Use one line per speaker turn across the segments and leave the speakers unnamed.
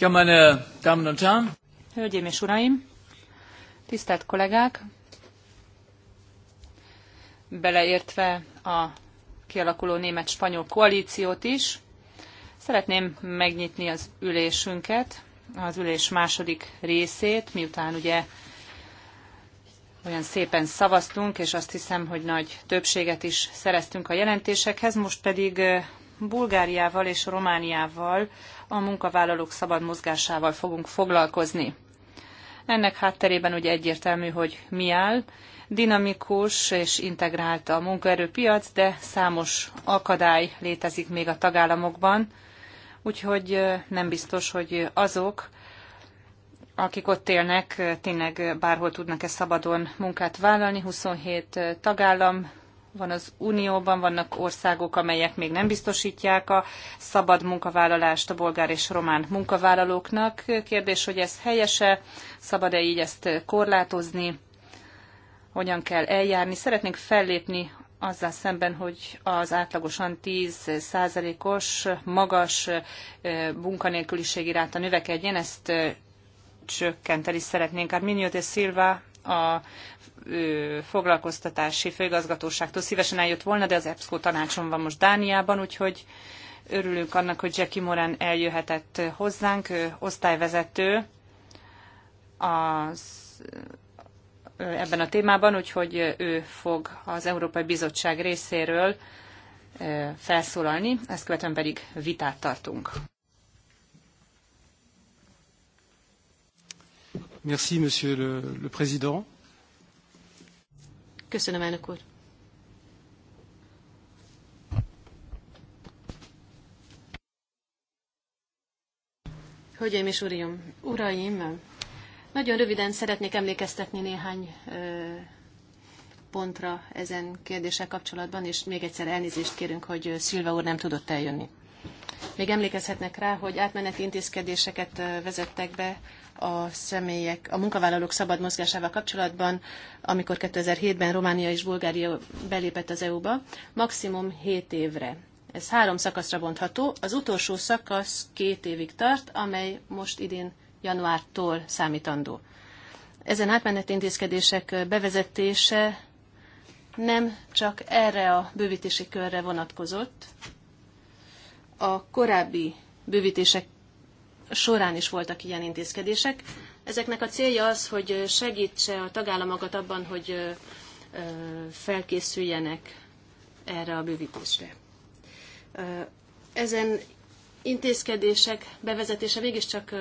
Ja, meine Damen und Herren. Hölgyeim és Uraim, tisztelt kollégák, beleértve a kialakuló német-spanyol koalíciót is, szeretném megnyitni az ülésünket, az ülés második részét, miután ugye olyan szépen szavaztunk, és azt hiszem, hogy nagy többséget is szereztünk a jelentésekhez, most pedig Bulgáriával és Romániával a munkavállalók szabad mozgásával fogunk foglalkozni. Ennek hátterében ugye egyértelmű, hogy mi áll. Dinamikus és integrált a munkaerőpiac, de számos akadály létezik még a tagállamokban, úgyhogy nem biztos, hogy azok, akik ott élnek, tényleg bárhol tudnak-e szabadon munkát vállalni. 27 tagállam van az Unióban, vannak országok, amelyek még nem biztosítják a szabad munkavállalást a bolgár és román munkavállalóknak. Kérdés, hogy ez helyese, szabad-e így ezt korlátozni, hogyan kell eljárni. Szeretnénk fellépni azzal szemben, hogy az átlagosan 10%-os magas munkanélküliségi ráta növekedjen, ezt csökkenteni szeretnénk. Arminio de Silva, a foglalkoztatási főigazgatóságtól szívesen eljött volna, de az EBSZKO tanácson van most Dániában, úgyhogy örülünk annak, hogy Jackie Moran eljöhetett hozzánk, ő osztályvezető az, ebben a témában, úgyhogy ő fog az Európai Bizottság részéről felszólalni, ezt követően pedig vitát tartunk. Merci, Monsieur le, le Président.
Köszönöm, elnök úr. Hölgyeim és uraim, uraim, nagyon röviden szeretnék emlékeztetni néhány pontra ezen kérdéssel kapcsolatban, és még egyszer elnézést kérünk, hogy Szilva úr nem tudott eljönni. Még emlékezhetnek rá, hogy átmeneti intézkedéseket vezettek be a személyek, a munkavállalók szabad mozgásával kapcsolatban, amikor 2007-ben Románia és Bulgária belépett az EU-ba, maximum 7 évre. Ez három szakaszra bontható. Az utolsó szakasz két évig tart, amely most idén januártól számítandó. Ezen átmeneti intézkedések bevezetése nem csak erre a bővítési körre vonatkozott. A korábbi bővítések során is voltak ilyen intézkedések. Ezeknek a célja az, hogy segítse a tagállamokat abban, hogy felkészüljenek erre a bővítésre. Ezen intézkedések bevezetése mégiscsak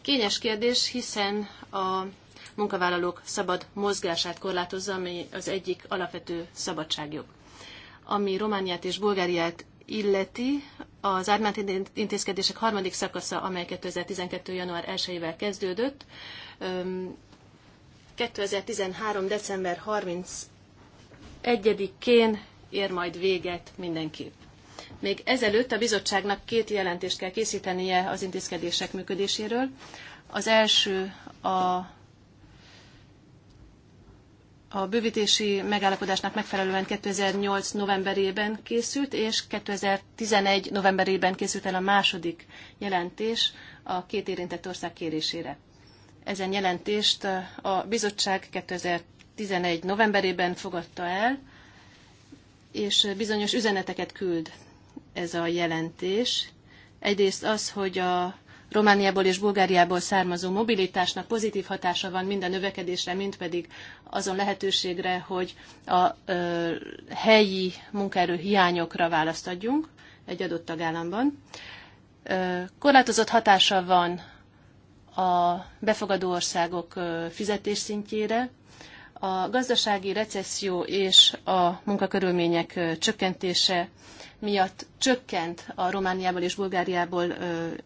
kényes kérdés, hiszen a munkavállalók szabad mozgását korlátozza, ami az egyik alapvető szabadságjog. Ami Romániát és Bulgáriát illeti, az átmeneti intézkedések harmadik szakasza, amely 2012. január 1-ével kezdődött, 2013. december 31-én ér majd véget mindenki. Még ezelőtt a bizottságnak két jelentést kell készítenie az intézkedések működéséről. Az első a a bővítési megállapodásnak megfelelően 2008. novemberében készült, és 2011. novemberében készült el a második jelentés a két érintett ország kérésére. Ezen jelentést a bizottság 2011. novemberében fogadta el, és bizonyos üzeneteket küld ez a jelentés. Egyrészt az, hogy a Romániából és Bulgáriából származó mobilitásnak pozitív hatása van mind a növekedésre, mind pedig azon lehetőségre, hogy a ö, helyi munkaerő hiányokra választ adjunk egy adott tagállamban. Ö, korlátozott hatása van a befogadó országok fizetésszintjére, a gazdasági recesszió és a munkakörülmények csökkentése miatt csökkent a Romániából és Bulgáriából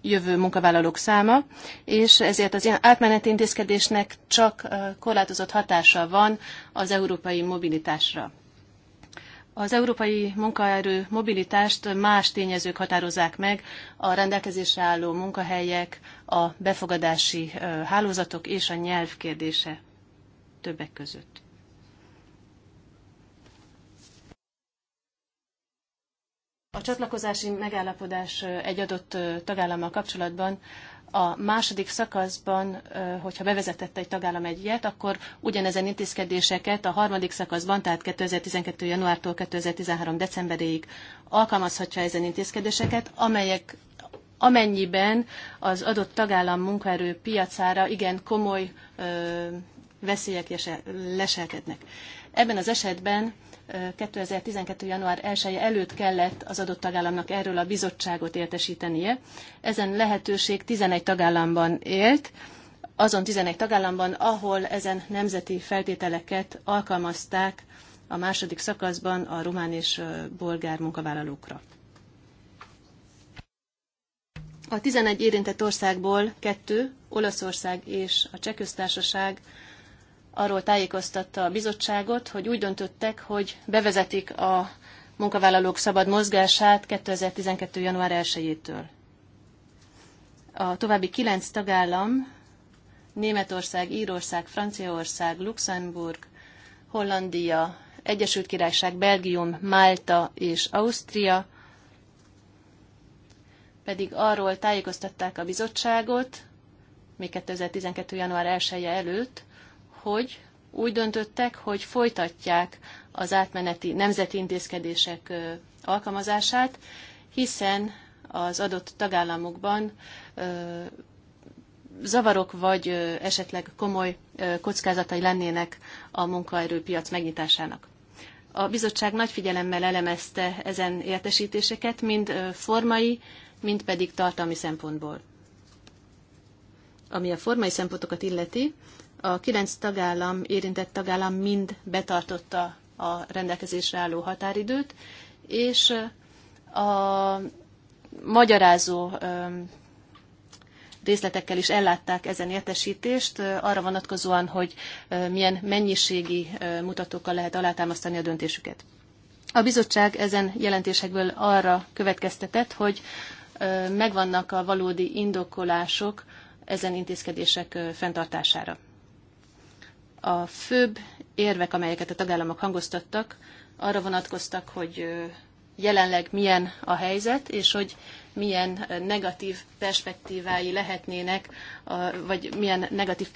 jövő munkavállalók száma, és ezért az átmeneti intézkedésnek csak korlátozott hatása van az európai mobilitásra. Az európai munkaerő mobilitást más tényezők határozzák meg, a rendelkezésre álló munkahelyek, a befogadási hálózatok és a nyelv kérdése többek között. A csatlakozási megállapodás egy adott tagállammal kapcsolatban a második szakaszban, hogyha bevezetett egy tagállam egy ilyet, akkor ugyanezen intézkedéseket a harmadik szakaszban, tehát 2012. januártól 2013. decemberéig alkalmazhatja ezen intézkedéseket, amelyek amennyiben az adott tagállam munkaerő piacára igen komoly ö, veszélyek leselkednek. Ebben az esetben 2012. január 1 -e előtt kellett az adott tagállamnak erről a bizottságot értesítenie. Ezen lehetőség 11 tagállamban élt, azon 11 tagállamban, ahol ezen nemzeti feltételeket alkalmazták a második szakaszban a román és bolgár munkavállalókra. A 11 érintett országból kettő, Olaszország és a Csehköztársaság arról tájékoztatta a bizottságot, hogy úgy döntöttek, hogy bevezetik a munkavállalók szabad mozgását 2012. január 1-től. A további kilenc tagállam, Németország, Írország, Franciaország, Luxemburg, Hollandia, Egyesült Királyság, Belgium, Málta és Ausztria, pedig arról tájékoztatták a bizottságot, még 2012. január 1 előtt, hogy úgy döntöttek, hogy folytatják az átmeneti nemzeti intézkedések alkalmazását, hiszen az adott tagállamokban zavarok vagy esetleg komoly kockázatai lennének a munkaerőpiac megnyitásának. A bizottság nagy figyelemmel elemezte ezen értesítéseket, mind formai, mind pedig tartalmi szempontból. Ami a formai szempontokat illeti, a kilenc tagállam, érintett tagállam mind betartotta a rendelkezésre álló határidőt, és a magyarázó részletekkel is ellátták ezen értesítést, arra vonatkozóan, hogy milyen mennyiségi mutatókkal lehet alátámasztani a döntésüket. A bizottság ezen jelentésekből arra következtetett, hogy megvannak a valódi indokolások ezen intézkedések fenntartására. A főbb érvek, amelyeket a tagállamok hangoztattak, arra vonatkoztak, hogy jelenleg milyen a helyzet, és hogy milyen negatív perspektívái lehetnének, vagy milyen negatív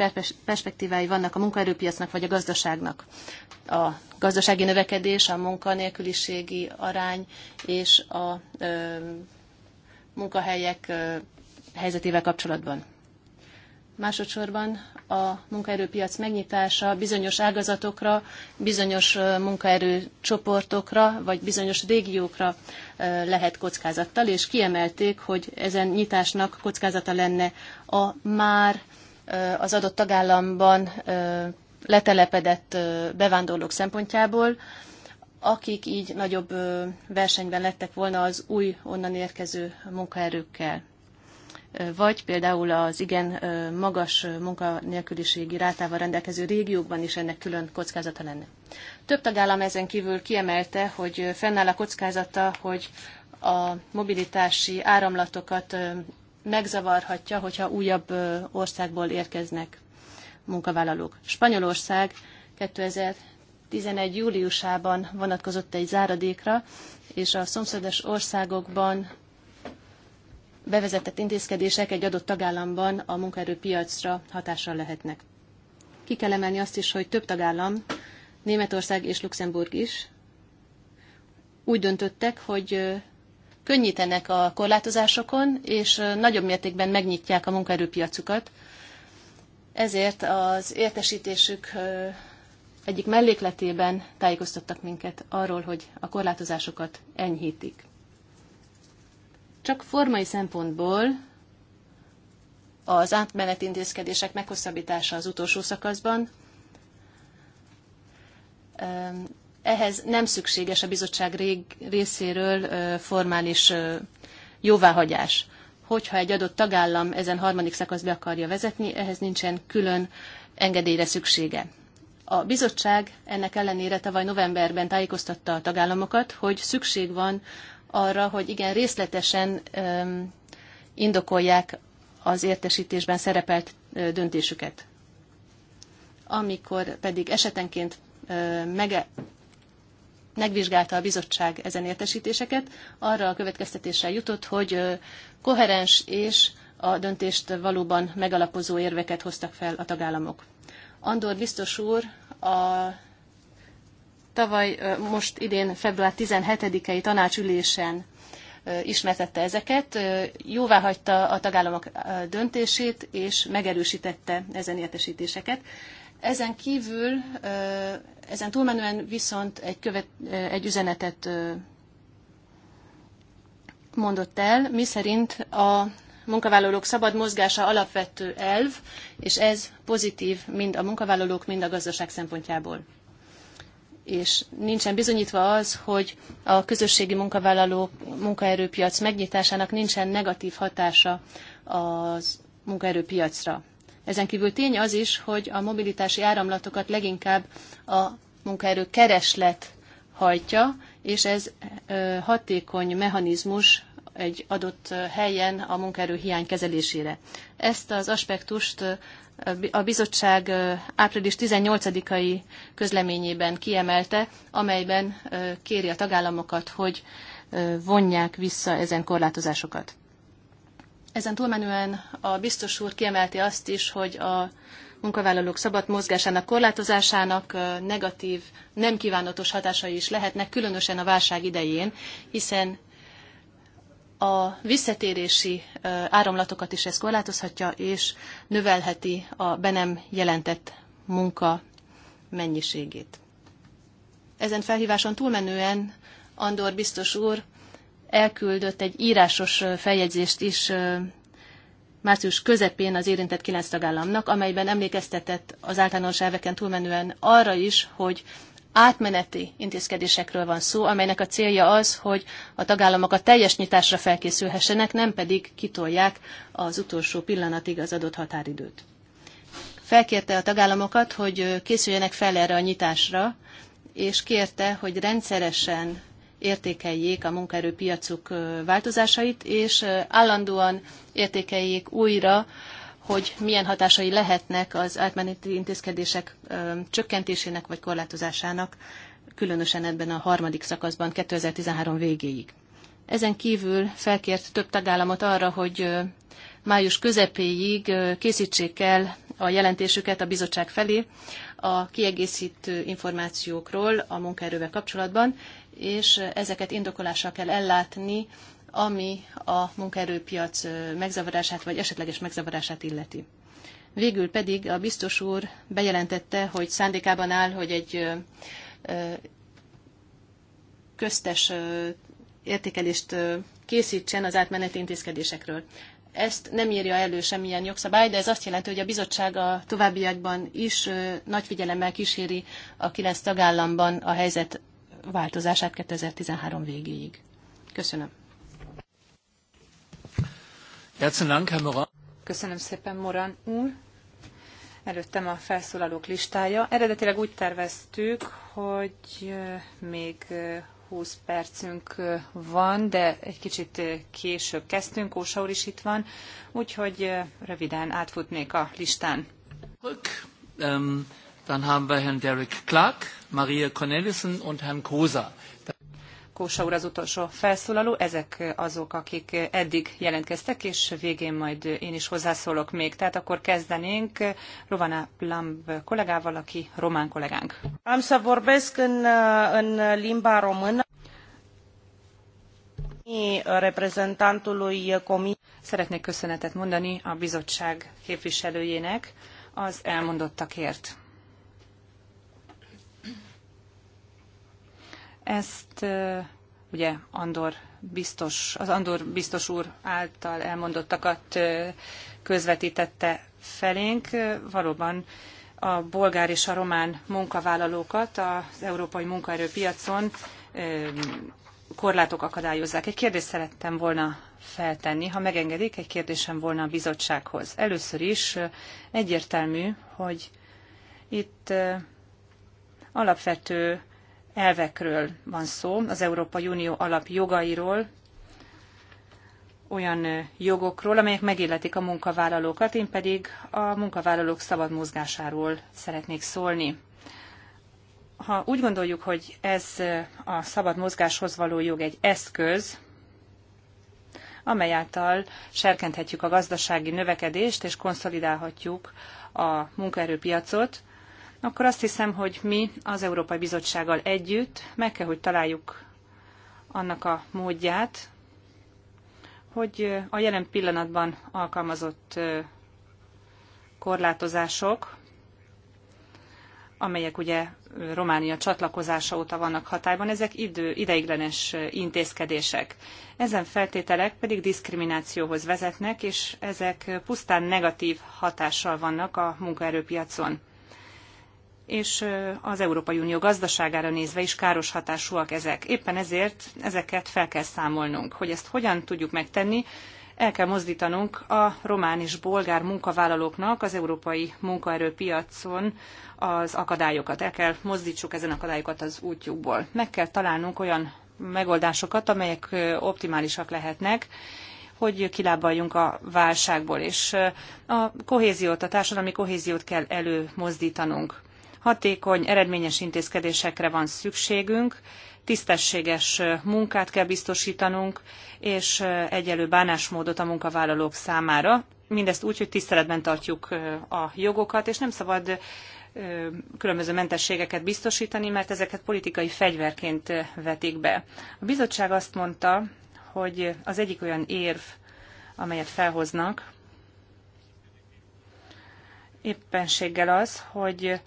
perspektívái vannak a munkaerőpiacnak, vagy a gazdaságnak. A gazdasági növekedés, a munkanélküliségi arány és a munkahelyek helyzetével kapcsolatban. Másodszorban a munkaerőpiac megnyitása bizonyos ágazatokra, bizonyos munkaerőcsoportokra vagy bizonyos régiókra lehet kockázattal, és kiemelték, hogy ezen nyitásnak kockázata lenne a már az adott tagállamban letelepedett bevándorlók szempontjából, akik így nagyobb versenyben lettek volna az új onnan érkező munkaerőkkel vagy például az igen magas munkanélküliségi rátával rendelkező régiókban is ennek külön kockázata lenne. Több tagállam ezen kívül kiemelte, hogy fennáll a kockázata, hogy a mobilitási áramlatokat megzavarhatja, hogyha újabb országból érkeznek munkavállalók. Spanyolország 2011. júliusában vonatkozott egy záradékra, és a szomszédos országokban bevezetett intézkedések egy adott tagállamban a munkaerőpiacra hatással lehetnek. Ki kell emelni azt is, hogy több tagállam, Németország és Luxemburg is úgy döntöttek, hogy könnyítenek a korlátozásokon, és nagyobb mértékben megnyitják a munkaerőpiacukat. Ezért az értesítésük egyik mellékletében tájékoztattak minket arról, hogy a korlátozásokat enyhítik. Csak formai szempontból az átmenet intézkedések meghosszabbítása az utolsó szakaszban. Ehhez nem szükséges a bizottság részéről formális jóváhagyás. Hogyha egy adott tagállam ezen harmadik szakasz be akarja vezetni, ehhez nincsen külön engedélyre szüksége. A bizottság ennek ellenére tavaly novemberben tájékoztatta a tagállamokat, hogy szükség van arra, hogy igen, részletesen indokolják az értesítésben szerepelt döntésüket. Amikor pedig esetenként mege, megvizsgálta a bizottság ezen értesítéseket, arra a következtetéssel jutott, hogy koherens és a döntést valóban megalapozó érveket hoztak fel a tagállamok. Andor biztos úr a tavaly, most idén február 17-i tanácsülésen ismertette ezeket, jóvá hagyta a tagállamok döntését, és megerősítette ezen értesítéseket. Ezen kívül, ezen túlmenően viszont egy, követ, egy üzenetet mondott el, miszerint a munkavállalók szabad mozgása alapvető elv, és ez pozitív mind a munkavállalók, mind a gazdaság szempontjából és nincsen bizonyítva az, hogy a közösségi munkavállaló munkaerőpiac megnyitásának nincsen negatív hatása az munkaerőpiacra. Ezen kívül tény az is, hogy a mobilitási áramlatokat leginkább a munkaerő kereslet hajtja, és ez hatékony mechanizmus egy adott helyen a munkaerő hiány kezelésére. Ezt az aspektust a bizottság április 18-ai közleményében kiemelte, amelyben kéri a tagállamokat, hogy vonják vissza ezen korlátozásokat. Ezen túlmenően a biztos úr kiemelti azt is, hogy a munkavállalók szabad mozgásának korlátozásának negatív, nem kívánatos hatásai is lehetnek, különösen a válság idején, hiszen a visszatérési áramlatokat is ez korlátozhatja, és növelheti a be nem jelentett munka mennyiségét. Ezen felhíváson túlmenően Andor biztos úr elküldött egy írásos feljegyzést is március közepén az érintett kilenc tagállamnak, amelyben emlékeztetett az általános elveken túlmenően arra is, hogy átmeneti intézkedésekről van szó, amelynek a célja az, hogy a tagállamok a teljes nyitásra felkészülhessenek, nem pedig kitolják az utolsó pillanatig az adott határidőt. Felkérte a tagállamokat, hogy készüljenek fel erre a nyitásra, és kérte, hogy rendszeresen értékeljék a munkaerőpiacuk változásait, és állandóan értékeljék újra hogy milyen hatásai lehetnek az átmeneti intézkedések csökkentésének vagy korlátozásának, különösen ebben a harmadik szakaszban 2013 végéig. Ezen kívül felkért több tagállamot arra, hogy május közepéig készítsék el a jelentésüket a bizottság felé a kiegészítő információkról a munkaerővel kapcsolatban, és ezeket indokolással kell ellátni ami a munkaerőpiac megzavarását vagy esetleges megzavarását illeti. Végül pedig a biztos úr bejelentette, hogy szándékában áll, hogy egy köztes értékelést készítsen az átmeneti intézkedésekről. Ezt nem írja elő semmilyen jogszabály, de ez azt jelenti, hogy a bizottság a továbbiakban is nagy figyelemmel kíséri a kilenc tagállamban a helyzet változását 2013 végéig. Köszönöm.
Köszönöm szépen, Moran úr. Előttem a felszólalók listája. Eredetileg úgy terveztük, hogy még 20 percünk van, de egy kicsit később kezdtünk, Ósa úr is itt van, úgyhogy röviden átfutnék a listán. Ähm, dann haben wir Herrn Derek Clark, Maria Cornelissen und Herrn Kosa. Kósa úr az utolsó felszólaló. Ezek azok, akik eddig jelentkeztek, és végén majd én is hozzászólok még. Tehát akkor kezdenénk Rovana Plamb kollégával, aki román kollégánk. Am să vorbesc în, în limba română Szeretnék köszönetet mondani a bizottság képviselőjének az elmondottakért. Ezt ugye Andor biztos, az Andor biztos úr által elmondottakat közvetítette felénk. Valóban a bolgár és a román munkavállalókat az európai munkaerőpiacon korlátok akadályozzák. Egy kérdést szerettem volna feltenni, ha megengedik, egy kérdésem volna a bizottsághoz. Először is egyértelmű, hogy itt alapvető elvekről van szó, az Európai Unió alapjogairól, olyan jogokról, amelyek megilletik a munkavállalókat, én pedig a munkavállalók szabad mozgásáról szeretnék szólni. Ha úgy gondoljuk, hogy ez a szabad mozgáshoz való jog egy eszköz, amely által serkenthetjük a gazdasági növekedést és konszolidálhatjuk a munkaerőpiacot, akkor azt hiszem, hogy mi az Európai Bizottsággal együtt meg kell, hogy találjuk annak a módját, hogy a jelen pillanatban alkalmazott korlátozások, amelyek ugye Románia csatlakozása óta vannak hatályban, ezek idő, ideiglenes intézkedések. Ezen feltételek pedig diszkriminációhoz vezetnek, és ezek pusztán negatív hatással vannak a munkaerőpiacon és az Európai Unió gazdaságára nézve is káros hatásúak ezek. Éppen ezért ezeket fel kell számolnunk. Hogy ezt hogyan tudjuk megtenni, el kell mozdítanunk a román és bolgár munkavállalóknak az európai munkaerőpiacon az akadályokat. El kell mozdítsuk ezen akadályokat az útjukból. Meg kell találnunk olyan megoldásokat, amelyek optimálisak lehetnek, hogy kilábaljunk a válságból, és a kohéziót, a társadalmi kohéziót kell előmozdítanunk. Hatékony, eredményes intézkedésekre van szükségünk, tisztességes munkát kell biztosítanunk, és egyelő bánásmódot a munkavállalók számára. Mindezt úgy, hogy tiszteletben tartjuk a jogokat, és nem szabad különböző mentességeket biztosítani, mert ezeket politikai fegyverként vetik be. A bizottság azt mondta, hogy az egyik olyan érv, amelyet felhoznak, éppenséggel az, hogy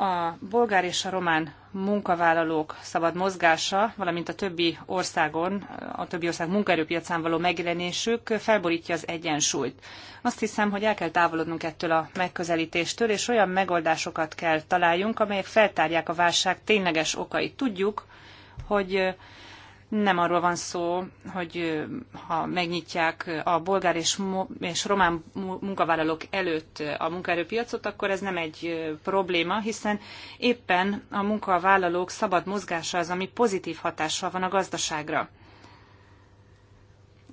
a bolgár és a román munkavállalók szabad mozgása, valamint a többi országon, a többi ország munkaerőpiacán való megjelenésük felborítja az egyensúlyt. Azt hiszem, hogy el kell távolodnunk ettől a megközelítéstől, és olyan megoldásokat kell találjunk, amelyek feltárják a válság tényleges okait. Tudjuk, hogy nem arról van szó, hogy ha megnyitják a bolgár és, és román munkavállalók előtt a munkaerőpiacot, akkor ez nem egy probléma, hiszen éppen a munkavállalók szabad mozgása az, ami pozitív hatással van a gazdaságra.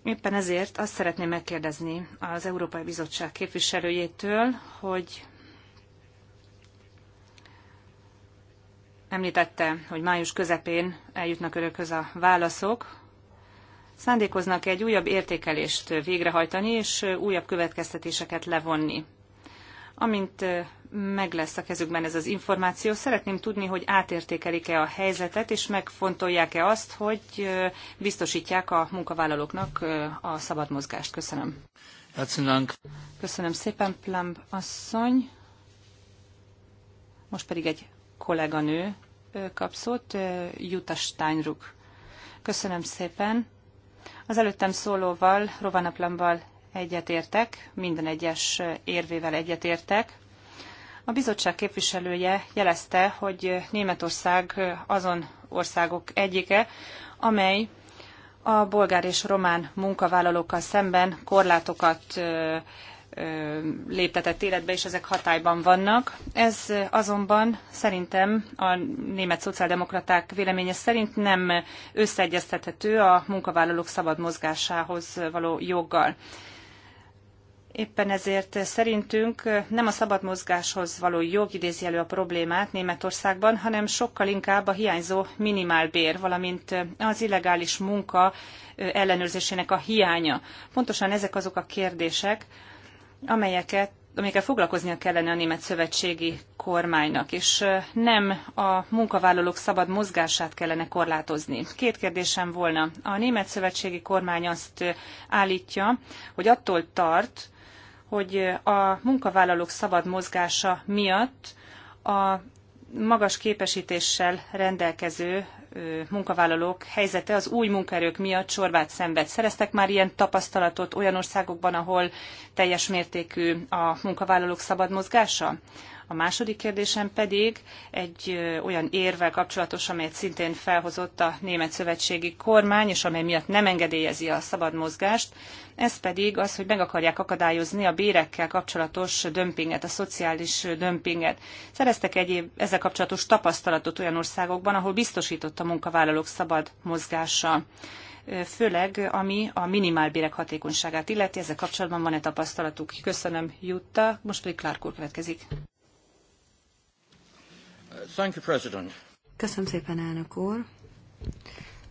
Éppen ezért azt szeretném megkérdezni az Európai Bizottság képviselőjétől, hogy Említette, hogy május közepén eljutnak önökhöz a válaszok. Szándékoznak egy újabb értékelést végrehajtani, és újabb következtetéseket levonni. Amint meg lesz a kezükben ez az információ, szeretném tudni, hogy átértékelik-e a helyzetet, és megfontolják-e azt, hogy biztosítják a munkavállalóknak a szabad mozgást. Köszönöm. Köszönöm, Köszönöm szépen, Plumb asszony. Most pedig egy kolléganő kap Jutta Steinruck. Köszönöm szépen. Az előttem szólóval, Rovanaplamval egyetértek, minden egyes érvével egyetértek. A bizottság képviselője jelezte, hogy Németország azon országok egyike, amely a bolgár és román munkavállalókkal szemben korlátokat léptetett életbe, és ezek hatályban vannak. Ez azonban szerintem a német szociáldemokraták véleménye szerint nem összeegyeztethető a munkavállalók szabad mozgásához való joggal. Éppen ezért szerintünk nem a szabad mozgáshoz való jog idézi elő a problémát Németországban, hanem sokkal inkább a hiányzó minimálbér, valamint az illegális munka ellenőrzésének a hiánya. Pontosan ezek azok a kérdések, amelyeket amikkel foglalkoznia kellene a német szövetségi kormánynak, és nem a munkavállalók szabad mozgását kellene korlátozni. Két kérdésem volna. A német szövetségi kormány azt állítja, hogy attól tart, hogy a munkavállalók szabad mozgása miatt a magas képesítéssel rendelkező munkavállalók helyzete az új munkaerők miatt sorbát szenved. Szereztek már ilyen tapasztalatot olyan országokban, ahol teljes mértékű a munkavállalók szabad mozgása? A második kérdésem pedig egy olyan érvel kapcsolatos, amelyet szintén felhozott a német szövetségi kormány, és amely miatt nem engedélyezi a szabad mozgást. Ez pedig az, hogy meg akarják akadályozni a bérekkel kapcsolatos dömpinget, a szociális dömpinget. Szereztek egyéb ezzel kapcsolatos tapasztalatot olyan országokban, ahol biztosított a munkavállalók szabad mozgása főleg ami a minimálbérek hatékonyságát illeti. Ezzel kapcsolatban van-e tapasztalatuk? Köszönöm, Jutta. Most pedig Clark úr következik. Thank you, President. Köszönöm szépen, elnök úr.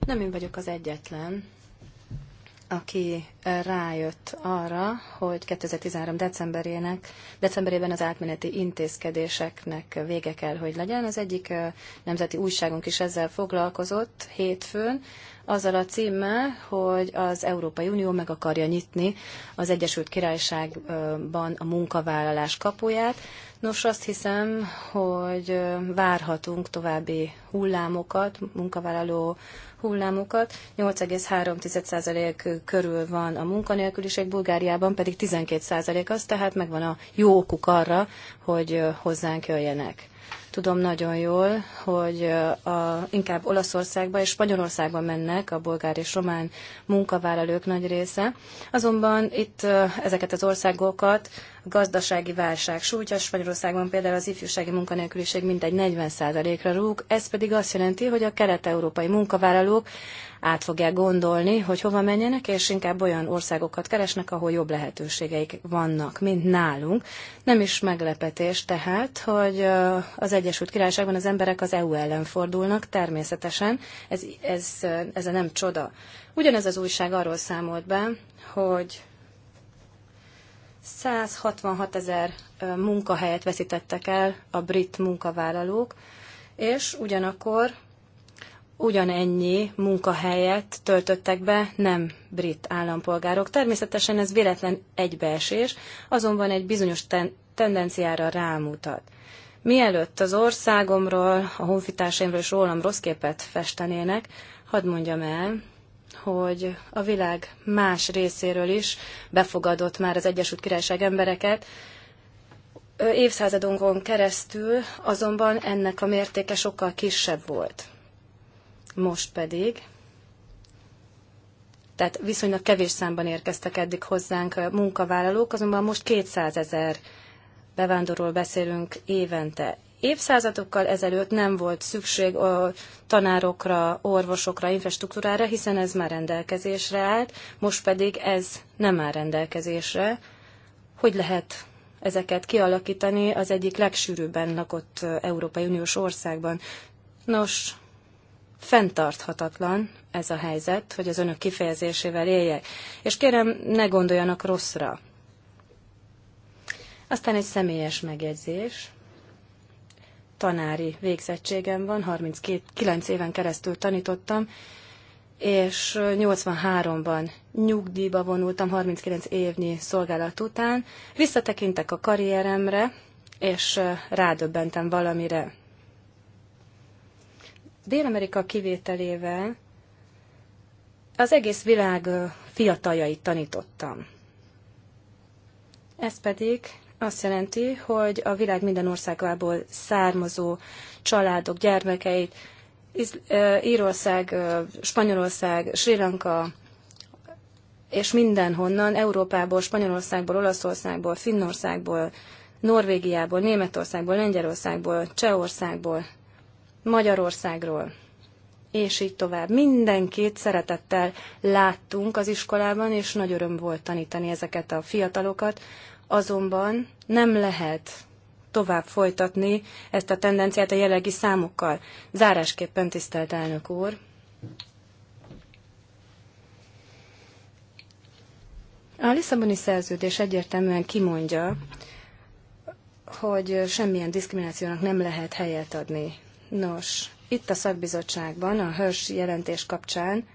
Nem én vagyok az egyetlen, aki rájött arra, hogy 2013 decemberének, decemberében az átmeneti intézkedéseknek vége kell, hogy legyen. Az egyik nemzeti újságunk is ezzel foglalkozott hétfőn, azzal a címmel, hogy az Európai Unió meg akarja nyitni az Egyesült Királyságban a munkavállalás kapuját. Nos, azt hiszem, hogy várhatunk további hullámokat, munkavállaló hullámokat. 8,3% körül van a munkanélküliség, Bulgáriában pedig 12% az, tehát megvan a jó okuk arra, hogy hozzánk jöjjenek. Tudom nagyon jól, hogy a, inkább Olaszországba és Spanyolországba mennek a bolgár és román munkavállalók nagy része. Azonban itt ezeket az országokat gazdasági válság súlyos. Spanyolországban például az ifjúsági munkanélküliség mintegy 40%-ra rúg, ez pedig azt jelenti, hogy a kelet-európai munkavállalók át fogják gondolni, hogy hova menjenek, és inkább olyan országokat keresnek, ahol jobb lehetőségeik vannak, mint nálunk. Nem is meglepetés tehát, hogy az Egyesült Királyságban az emberek az EU ellen fordulnak, természetesen, ez, ez, ez a nem csoda. Ugyanez az újság arról számolt be, hogy 166 ezer munkahelyet veszítettek el a brit munkavállalók, és ugyanakkor ugyanennyi munkahelyet töltöttek be nem brit állampolgárok. Természetesen ez véletlen egybeesés, azonban egy bizonyos ten- tendenciára rámutat. Mielőtt az országomról, a honfitársaimról és rólam rossz képet festenének, hadd mondjam el, hogy a világ más részéről is befogadott már az Egyesült Királyság embereket. Évszázadonkon keresztül azonban ennek a mértéke sokkal kisebb volt. Most pedig tehát viszonylag kevés számban érkeztek eddig hozzánk munkavállalók, azonban most 200 ezer bevándorról beszélünk évente. Évszázadokkal ezelőtt nem volt szükség a tanárokra, orvosokra, infrastruktúrára, hiszen ez már rendelkezésre állt, most pedig ez nem áll rendelkezésre. Hogy lehet ezeket kialakítani az egyik legsűrűbben lakott Európai Uniós országban? Nos, fenntarthatatlan ez a helyzet, hogy az önök kifejezésével éljek. És kérem, ne gondoljanak rosszra. Aztán egy személyes megjegyzés tanári végzettségem van, 39 éven keresztül tanítottam, és 83-ban nyugdíjba vonultam 39 évnyi szolgálat után. Visszatekintek a karrieremre, és rádöbbentem valamire. Dél-Amerika kivételével az egész világ fiataljait tanítottam. Ez pedig azt jelenti, hogy a világ minden országából származó családok gyermekeit Írország, Spanyolország, Sri Lanka és mindenhonnan, Európából, Spanyolországból, Olaszországból, Finnországból, Norvégiából, Németországból, Lengyelországból, Csehországból, Magyarországról, és így tovább. Mindenkit szeretettel láttunk az iskolában, és nagy öröm volt tanítani ezeket a fiatalokat, azonban nem lehet tovább folytatni ezt a tendenciát a jelenlegi számokkal. Zárásképpen, tisztelt elnök úr! A Lisszaboni szerződés egyértelműen kimondja, hogy semmilyen diszkriminációnak nem lehet helyet adni. Nos, itt a szakbizottságban a Hörs jelentés kapcsán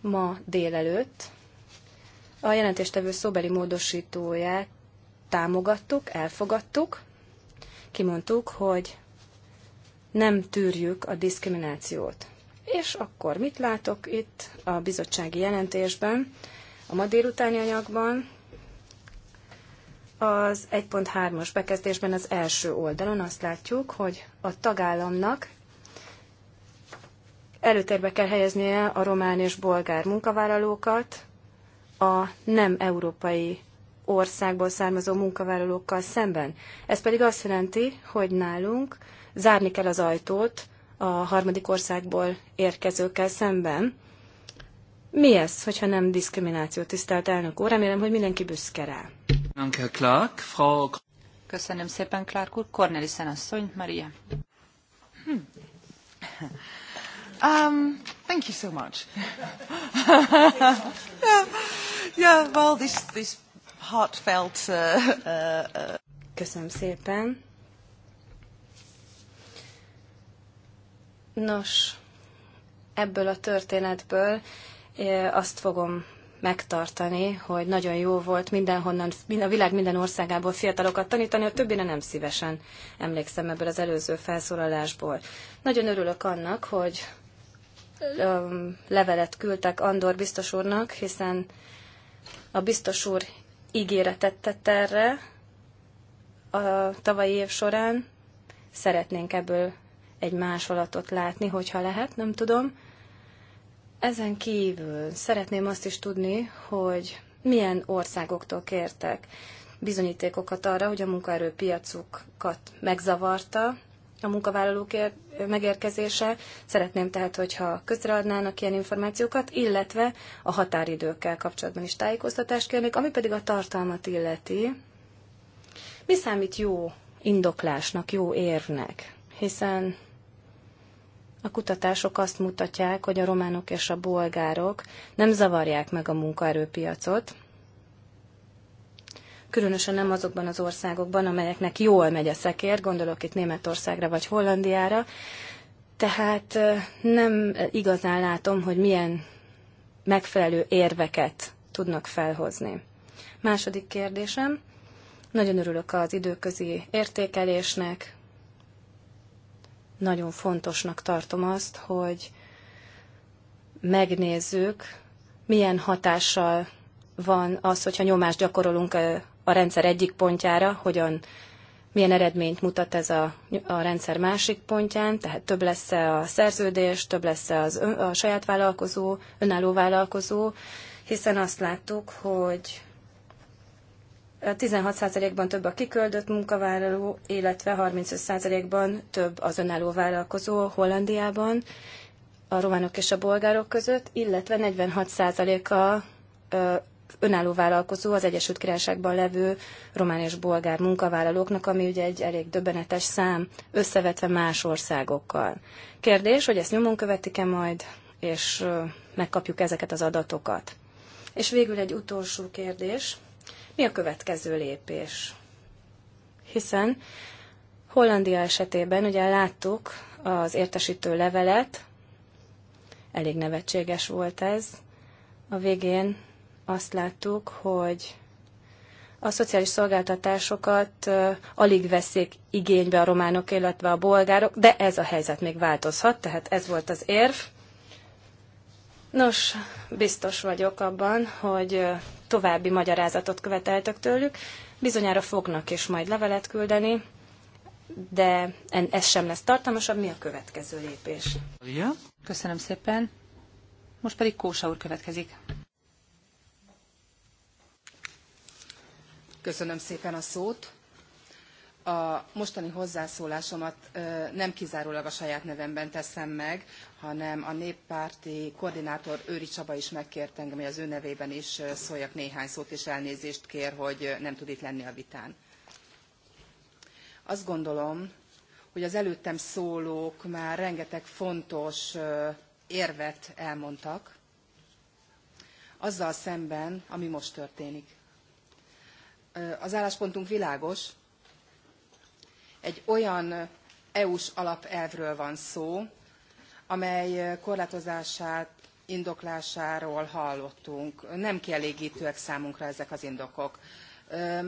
ma délelőtt a jelentéstevő szóbeli módosítóját támogattuk, elfogadtuk, kimondtuk, hogy nem tűrjük a diszkriminációt. És akkor mit látok itt a bizottsági jelentésben, a ma délutáni anyagban, az 1.3-as bekezdésben az első oldalon azt látjuk, hogy a tagállamnak előtérbe kell helyeznie a román és bolgár munkavállalókat, a nem európai országból származó munkavállalókkal szemben. Ez pedig azt jelenti, hogy nálunk zárni kell az ajtót a harmadik országból érkezőkkel szemben. Mi ez, hogyha nem diszkrimináció, tisztelt elnök úr?
Remélem, hogy mindenki büszke rá. Köszönöm szépen, Clark úr. Cornelissen asszony, Maria. Hmm. Um, thank you so much. yeah, well,
this, this heartfelt... Uh, uh, uh. Köszönöm szépen. Nos, ebből a történetből eh, azt fogom megtartani, hogy nagyon jó volt mindenhonnan, a világ minden országából fiatalokat tanítani, a többire nem szívesen emlékszem ebből az előző felszólalásból. Nagyon örülök annak, hogy um, levelet küldtek Andor biztos úrnak, hiszen a biztos úr ígéretet tett erre a tavalyi év során. Szeretnénk ebből egy másolatot látni, hogyha lehet, nem tudom. Ezen kívül szeretném azt is tudni, hogy milyen országoktól kértek bizonyítékokat arra, hogy a munkaerőpiacukat megzavarta a munkavállalókért megérkezése. Szeretném tehát, hogyha közreadnának ilyen információkat, illetve a határidőkkel kapcsolatban is tájékoztatást kérnék, ami pedig a tartalmat illeti. Mi számít jó indoklásnak, jó érvnek? Hiszen a kutatások azt mutatják, hogy a románok és a bolgárok nem zavarják meg a munkaerőpiacot, különösen nem azokban az országokban, amelyeknek jól megy a szekér, gondolok itt Németországra vagy Hollandiára, tehát nem igazán látom, hogy milyen megfelelő érveket tudnak felhozni. Második kérdésem. Nagyon örülök az időközi értékelésnek. Nagyon fontosnak tartom azt, hogy megnézzük, milyen hatással van az, hogyha nyomást gyakorolunk a rendszer egyik pontjára, hogyan milyen eredményt mutat ez a, a rendszer másik pontján, tehát több lesz -e a szerződés, több lesz -e az ön, a saját vállalkozó, önálló vállalkozó, hiszen azt láttuk, hogy 16%-ban több a kiköldött munkavállaló, illetve 35%-ban több az önálló vállalkozó Hollandiában, a románok és a bolgárok között, illetve 46%-a önálló vállalkozó az Egyesült Királyságban levő román és bolgár munkavállalóknak, ami ugye egy elég döbbenetes szám, összevetve más országokkal. Kérdés, hogy ezt nyomon követik-e majd, és megkapjuk ezeket az adatokat. És végül egy utolsó kérdés. Mi a következő lépés? Hiszen Hollandia esetében ugye láttuk az értesítő levelet, elég nevetséges volt ez. A végén azt láttuk, hogy a szociális szolgáltatásokat alig veszik igénybe a románok, illetve a bolgárok, de ez a helyzet még változhat, tehát ez volt az érv. Nos, biztos vagyok abban, hogy további magyarázatot követeltek tőlük. Bizonyára fognak és majd levelet küldeni,
de ez sem lesz tartalmasabb. Mi a következő lépés? Köszönöm szépen. Most pedig Kósa úr következik.
Köszönöm szépen a szót. A mostani hozzászólásomat nem kizárólag a saját nevemben teszem meg, hanem a néppárti koordinátor Őri Csaba is megkért engem, hogy az ő nevében is szóljak néhány szót, és elnézést kér, hogy nem tud itt lenni a vitán. Azt gondolom, hogy az előttem szólók már rengeteg fontos érvet elmondtak, azzal szemben, ami most történik az álláspontunk világos. Egy olyan EU-s alapelvről van szó, amely korlátozását, indoklásáról hallottunk. Nem kielégítőek számunkra ezek az indokok.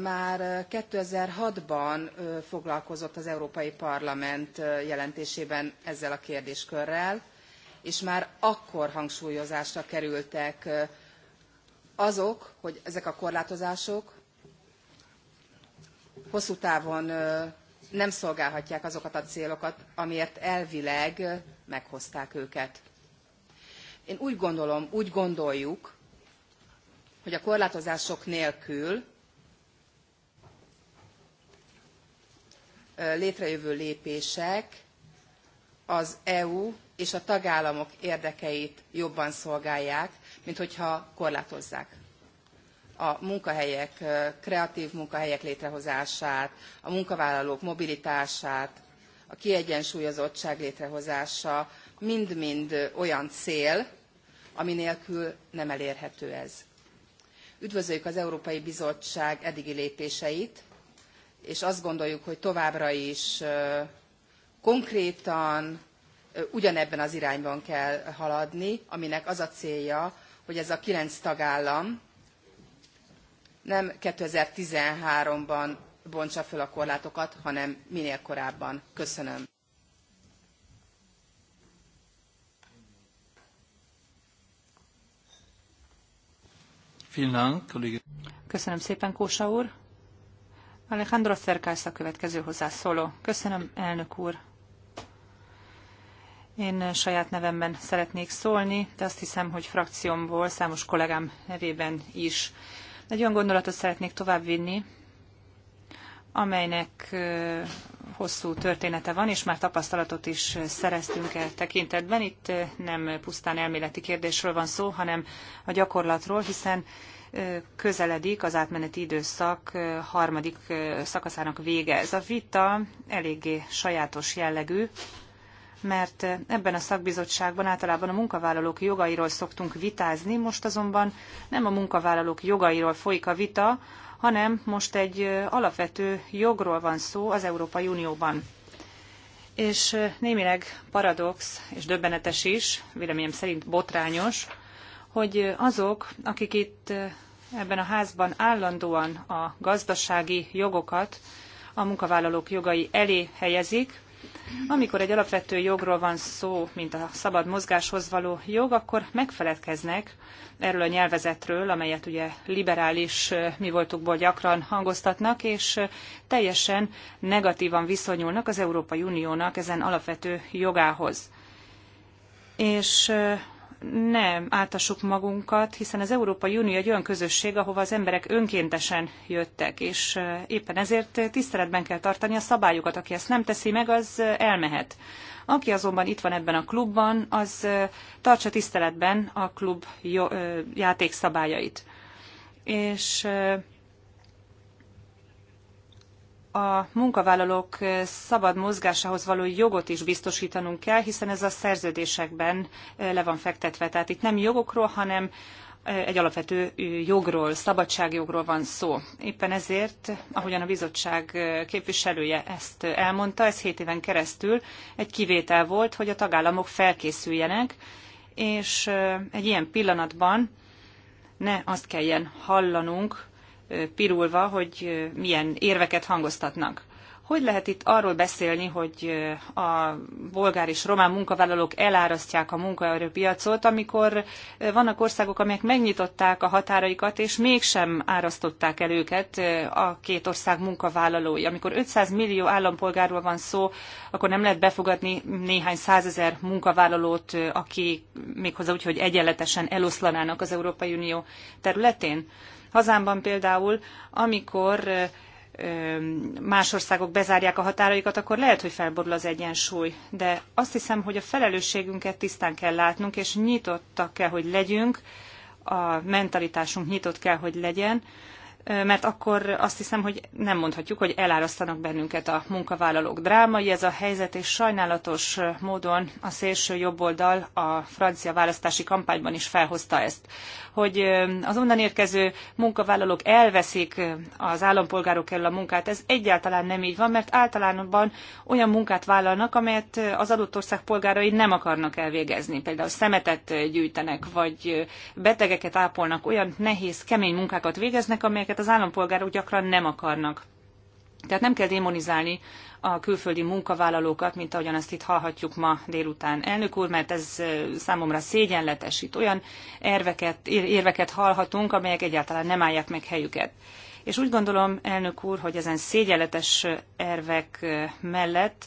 Már 2006-ban foglalkozott az Európai Parlament jelentésében ezzel a kérdéskörrel, és már akkor hangsúlyozásra kerültek azok, hogy ezek a korlátozások hosszú távon nem szolgálhatják azokat a célokat, amiért elvileg meghozták őket. Én úgy gondolom, úgy gondoljuk, hogy a korlátozások nélkül létrejövő lépések az EU és a tagállamok érdekeit jobban szolgálják, mint hogyha korlátozzák a munkahelyek, kreatív munkahelyek létrehozását, a munkavállalók mobilitását, a kiegyensúlyozottság létrehozása, mind-mind olyan cél, ami nélkül nem elérhető ez. Üdvözöljük az Európai Bizottság eddigi lépéseit, és azt gondoljuk, hogy továbbra is konkrétan ugyanebben az irányban kell haladni, aminek az a célja, hogy ez a kilenc tagállam nem 2013-ban bontsa föl a korlátokat, hanem minél korábban. Köszönöm.
Köszönöm szépen, Kósa úr. Alejandro Szerkász a következő hozzászóló. Köszönöm, elnök úr. Én saját nevemben szeretnék szólni, de azt hiszem, hogy frakciómból számos kollégám nevében is. Egy olyan gondolatot szeretnék továbbvinni, amelynek hosszú története van, és már tapasztalatot is szereztünk el tekintetben. Itt nem pusztán elméleti kérdésről van szó, hanem a gyakorlatról, hiszen közeledik az átmeneti időszak harmadik szakaszának vége. Ez a vita eléggé sajátos jellegű, mert ebben a szakbizottságban általában a munkavállalók jogairól szoktunk vitázni, most azonban nem a munkavállalók jogairól folyik a vita, hanem most egy alapvető jogról van szó az Európai Unióban. És némileg paradox és döbbenetes is, véleményem szerint botrányos, hogy azok, akik itt ebben a házban állandóan a gazdasági jogokat a munkavállalók jogai elé helyezik, amikor egy alapvető jogról van szó, mint a szabad mozgáshoz való jog, akkor megfeledkeznek erről a nyelvezetről, amelyet ugye liberális mi voltukból gyakran hangoztatnak, és teljesen negatívan viszonyulnak az Európai Uniónak ezen alapvető jogához. És ne áltassuk magunkat, hiszen az Európai Unió egy olyan közösség, ahova az emberek önkéntesen jöttek, és éppen ezért tiszteletben kell tartani a szabályokat. Aki ezt nem teszi meg, az elmehet. Aki azonban itt van ebben a klubban, az tartsa tiszteletben a klub játékszabályait. És a munkavállalók szabad mozgásához való jogot is biztosítanunk kell, hiszen ez a szerződésekben le van fektetve. Tehát itt nem jogokról, hanem egy alapvető jogról, szabadságjogról van szó. Éppen ezért, ahogyan a bizottság képviselője ezt elmondta, ez 7 éven keresztül egy kivétel volt, hogy a tagállamok felkészüljenek, és egy ilyen pillanatban ne azt kelljen hallanunk, pirulva, hogy milyen érveket hangoztatnak. Hogy lehet itt arról beszélni, hogy a bolgár és román munkavállalók elárasztják a munkaerőpiacot, amikor vannak országok, amelyek megnyitották a határaikat, és mégsem árasztották el őket a két ország munkavállalói. Amikor 500 millió állampolgárról van szó, akkor nem lehet befogadni néhány százezer munkavállalót, aki méghozzá úgy, hogy egyenletesen eloszlanának az Európai Unió területén. Hazámban például, amikor más országok bezárják a határaikat, akkor lehet, hogy felborul az egyensúly. De azt hiszem, hogy a felelősségünket tisztán kell látnunk, és nyitottak kell, hogy legyünk, a mentalitásunk nyitott kell, hogy legyen, mert akkor azt hiszem, hogy nem mondhatjuk, hogy elárasztanak bennünket a munkavállalók drámai. Ez a helyzet, és sajnálatos módon a szélső jobboldal a francia választási kampányban is felhozta ezt, hogy az onnan érkező munkavállalók elveszik az állampolgárok elől a munkát. Ez egyáltalán nem így van, mert általánban olyan munkát vállalnak, amelyet az adott ország polgárai nem akarnak elvégezni. Például szemetet gyűjtenek, vagy betegeket ápolnak, olyan nehéz, kemény munkákat végeznek, amelyeket amelyeket az állampolgárok gyakran nem akarnak. Tehát nem kell démonizálni a külföldi munkavállalókat, mint ahogyan azt itt hallhatjuk ma délután. Elnök úr, mert ez számomra szégyenletes. Itt olyan érveket, érveket hallhatunk, amelyek egyáltalán nem állják meg helyüket. És úgy gondolom, elnök úr, hogy ezen szégyenletes ervek mellett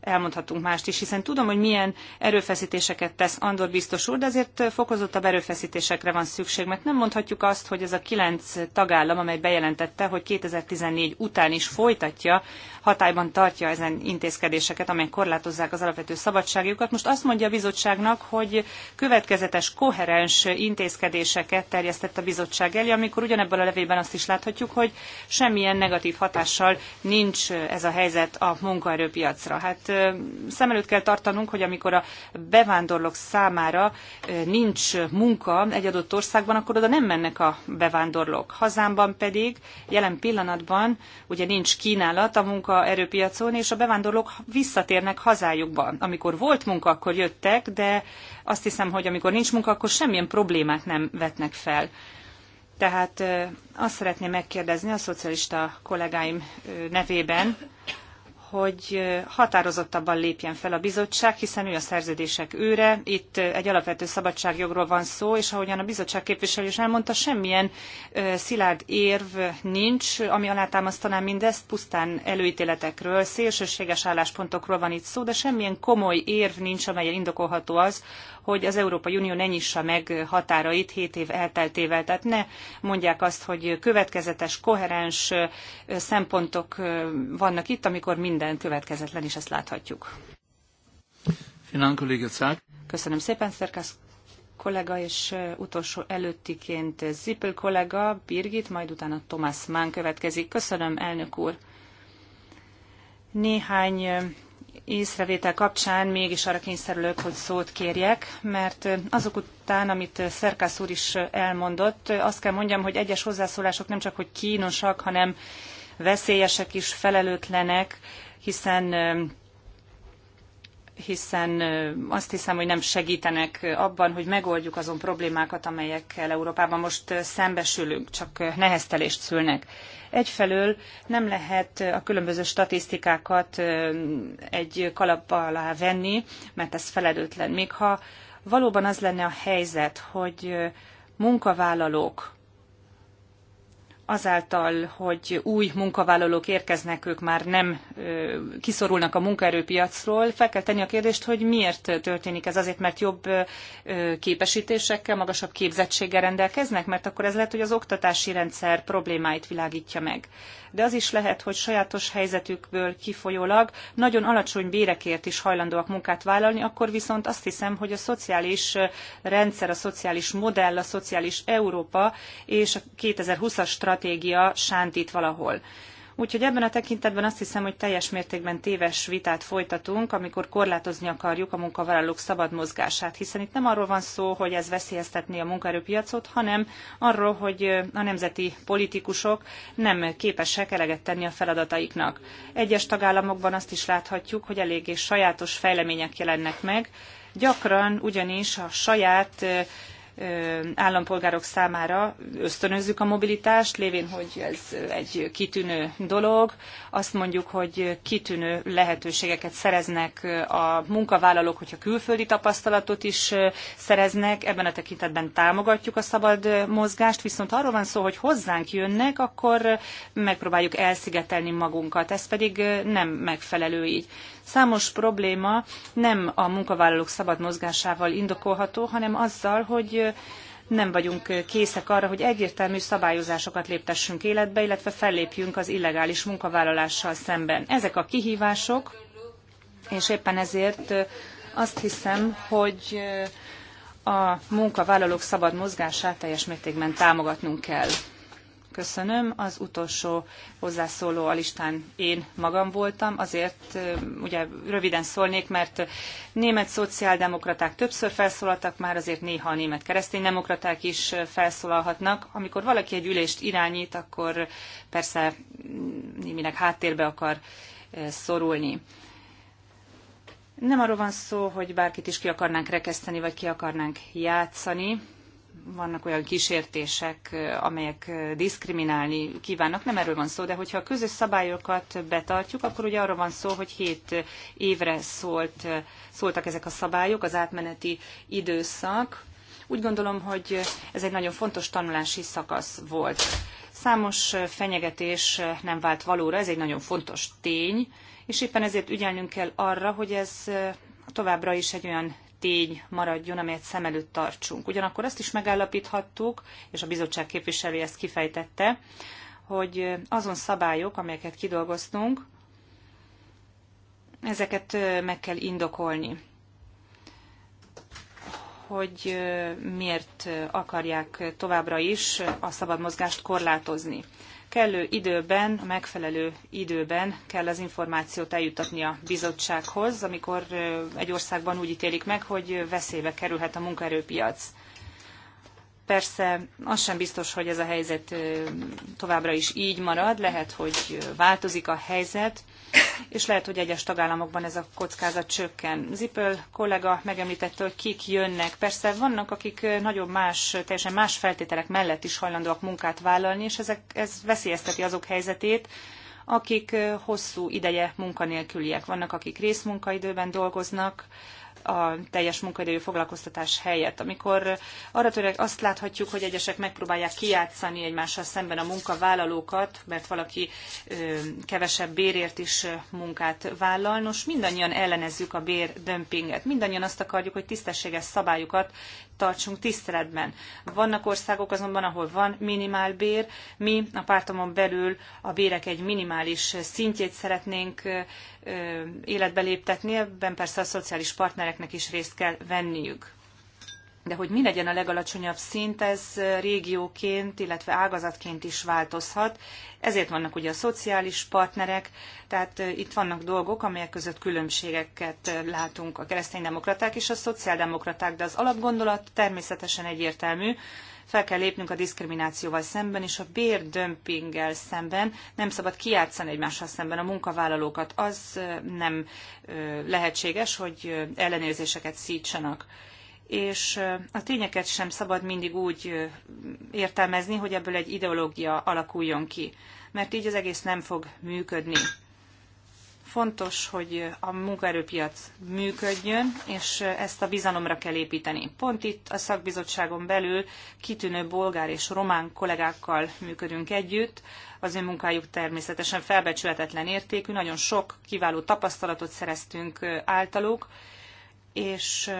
elmondhatunk mást is, hiszen tudom, hogy milyen erőfeszítéseket tesz Andor biztos úr, de azért fokozottabb erőfeszítésekre van szükség, mert nem mondhatjuk azt, hogy ez a kilenc tagállam, amely bejelentette, hogy 2014 után is folytatja, hatályban tartja ezen intézkedéseket, amelyek korlátozzák az alapvető szabadságjukat. Most azt mondja a bizottságnak, hogy következetes, koherens intézkedéseket terjesztett a bizottság elé, amikor ugyanebből a levélben azt is láthatjuk, hogy semmilyen negatív hatással nincs ez a helyzet a munkaerőpiacra. Hát szem előtt kell tartanunk, hogy amikor a bevándorlók számára nincs munka egy adott országban, akkor oda nem mennek a bevándorlók. Hazámban pedig jelen pillanatban ugye nincs kínálat a munkaerőpiacon, és a bevándorlók visszatérnek hazájukba. Amikor volt munka, akkor jöttek, de azt hiszem, hogy amikor nincs munka, akkor semmilyen problémát nem vetnek fel. Tehát azt szeretném megkérdezni a szocialista kollégáim nevében, hogy határozottabban lépjen fel a bizottság, hiszen ő a szerződések őre. Itt egy alapvető szabadságjogról van szó, és ahogyan a bizottság képviselő is elmondta, semmilyen szilárd érv nincs, ami alátámasztaná mindezt, pusztán előítéletekről, szélsőséges álláspontokról van itt szó, de semmilyen komoly érv nincs, amelyen indokolható az, hogy az Európai Unió ne nyissa meg határait 7 év elteltével. Tehát ne mondják azt, hogy következetes, koherens szempontok vannak itt, amikor minden következetlen, és ezt láthatjuk. Köszönöm szépen, Szerkász kollega, és utolsó előttiként Zippel kollega, Birgit, majd utána Thomas Mann következik. Köszönöm, elnök úr. Néhány észrevétel kapcsán mégis arra kényszerülök, hogy szót kérjek, mert azok után, amit Szerkász úr is elmondott, azt kell mondjam, hogy egyes hozzászólások nem csak hogy kínosak, hanem veszélyesek is, felelőtlenek, hiszen hiszen azt hiszem, hogy nem segítenek abban, hogy megoldjuk azon problémákat, amelyekkel Európában most szembesülünk, csak neheztelést szülnek. Egyfelől nem lehet a különböző statisztikákat egy kalap alá venni, mert ez feledőtlen, Még ha valóban az lenne a helyzet, hogy munkavállalók azáltal, hogy új munkavállalók érkeznek, ők már nem kiszorulnak a munkaerőpiacról, fel kell tenni a kérdést, hogy miért történik ez. Azért, mert jobb képesítésekkel, magasabb képzettséggel rendelkeznek, mert akkor ez lehet, hogy az oktatási rendszer problémáit világítja meg. De az is lehet, hogy sajátos helyzetükből kifolyólag nagyon alacsony bérekért is hajlandóak munkát vállalni, akkor viszont azt hiszem, hogy a szociális rendszer, a szociális modell, a szociális Európa és a 2020-as stratégia stratégia sántít valahol. Úgyhogy ebben a tekintetben azt hiszem, hogy teljes mértékben téves vitát folytatunk, amikor korlátozni akarjuk a munkavállalók szabad mozgását, hiszen itt nem arról van szó, hogy ez veszélyeztetné a munkaerőpiacot, hanem arról, hogy a nemzeti politikusok nem képesek eleget tenni a feladataiknak. Egyes tagállamokban azt is láthatjuk, hogy eléggé sajátos fejlemények jelennek meg, gyakran ugyanis a saját állampolgárok számára ösztönözzük a mobilitást, lévén, hogy ez egy kitűnő dolog. Azt mondjuk, hogy kitűnő lehetőségeket szereznek a munkavállalók, hogyha külföldi tapasztalatot is szereznek, ebben a tekintetben támogatjuk a szabad mozgást, viszont arról van szó, hogy hozzánk jönnek, akkor megpróbáljuk elszigetelni magunkat. Ez pedig nem megfelelő így. Számos probléma nem a munkavállalók szabad mozgásával indokolható, hanem azzal, hogy nem vagyunk készek arra, hogy egyértelmű szabályozásokat léptessünk életbe, illetve fellépjünk az illegális munkavállalással szemben. Ezek a kihívások, és éppen ezért azt hiszem, hogy a munkavállalók szabad mozgását teljes mértékben támogatnunk kell. Köszönöm. Az utolsó hozzászóló a listán én magam voltam, azért ugye röviden szólnék, mert német szociáldemokraták többször felszólaltak már, azért néha a német kereszténydemokraták is felszólalhatnak. Amikor valaki egy ülést irányít, akkor persze némileg háttérbe akar szorulni. Nem arról van szó, hogy bárkit is ki akarnánk rekeszteni, vagy ki akarnánk játszani, vannak olyan kísértések, amelyek diszkriminálni kívánnak. Nem erről van szó, de hogyha a közös szabályokat betartjuk, akkor ugye arról van szó, hogy 7 évre szólt, szóltak ezek a szabályok, az átmeneti időszak. Úgy gondolom, hogy ez egy nagyon fontos tanulási szakasz volt. Számos fenyegetés nem vált valóra, ez egy nagyon fontos tény, és éppen ezért ügyelnünk kell arra, hogy ez továbbra is egy olyan tény maradjon, amelyet szem előtt tartsunk. Ugyanakkor azt is megállapíthattuk, és a bizottság képviselője ezt kifejtette, hogy azon szabályok, amelyeket kidolgoztunk, ezeket meg kell indokolni hogy miért akarják továbbra is a szabad mozgást korlátozni kellő időben, a megfelelő időben kell az információt eljuttatni a bizottsághoz, amikor egy országban úgy ítélik meg, hogy veszélybe kerülhet a munkaerőpiac. Persze az sem biztos, hogy ez a helyzet továbbra is így marad, lehet, hogy változik a helyzet, és lehet, hogy egyes tagállamokban ez a kockázat csökken. Zipöl kollega megemlítette, hogy kik jönnek. Persze vannak, akik nagyon más, teljesen más feltételek mellett is hajlandóak munkát vállalni, és ezek, ez veszélyezteti azok helyzetét, akik hosszú ideje munkanélküliek. Vannak, akik részmunkaidőben dolgoznak, a teljes munkaidő foglalkoztatás helyett. Amikor arra törek, azt láthatjuk, hogy egyesek megpróbálják kijátszani egymással szemben a munkavállalókat, mert valaki ö, kevesebb bérért is munkát vállal. Nos, mindannyian ellenezzük a bérdömpinget. Mindannyian azt akarjuk, hogy tisztességes szabályokat tartsunk tiszteletben. Vannak országok azonban, ahol van minimálbér, mi a pártomon belül a bérek egy minimális szintjét szeretnénk életbe léptetni, ebben persze a szociális partnereknek is részt kell venniük. De hogy mi legyen a legalacsonyabb szint, ez régióként, illetve ágazatként is változhat. Ezért vannak ugye a szociális partnerek, tehát itt vannak dolgok, amelyek között különbségeket látunk a kereszténydemokraták és a szociáldemokraták, de az alapgondolat természetesen egyértelmű, fel kell lépnünk a diszkriminációval szemben és a bérdömpinggel szemben. Nem szabad kijátszani egymással szemben a munkavállalókat. Az nem lehetséges, hogy ellenérzéseket szítsanak és a tényeket sem szabad mindig úgy értelmezni, hogy ebből egy ideológia alakuljon ki, mert így az egész nem fog működni. Fontos, hogy a munkaerőpiac működjön, és ezt a bizalomra kell építeni. Pont itt a szakbizottságon belül kitűnő bolgár és román kollégákkal működünk együtt. Az ő munkájuk természetesen felbecsületetlen értékű, nagyon sok kiváló tapasztalatot szereztünk általuk, és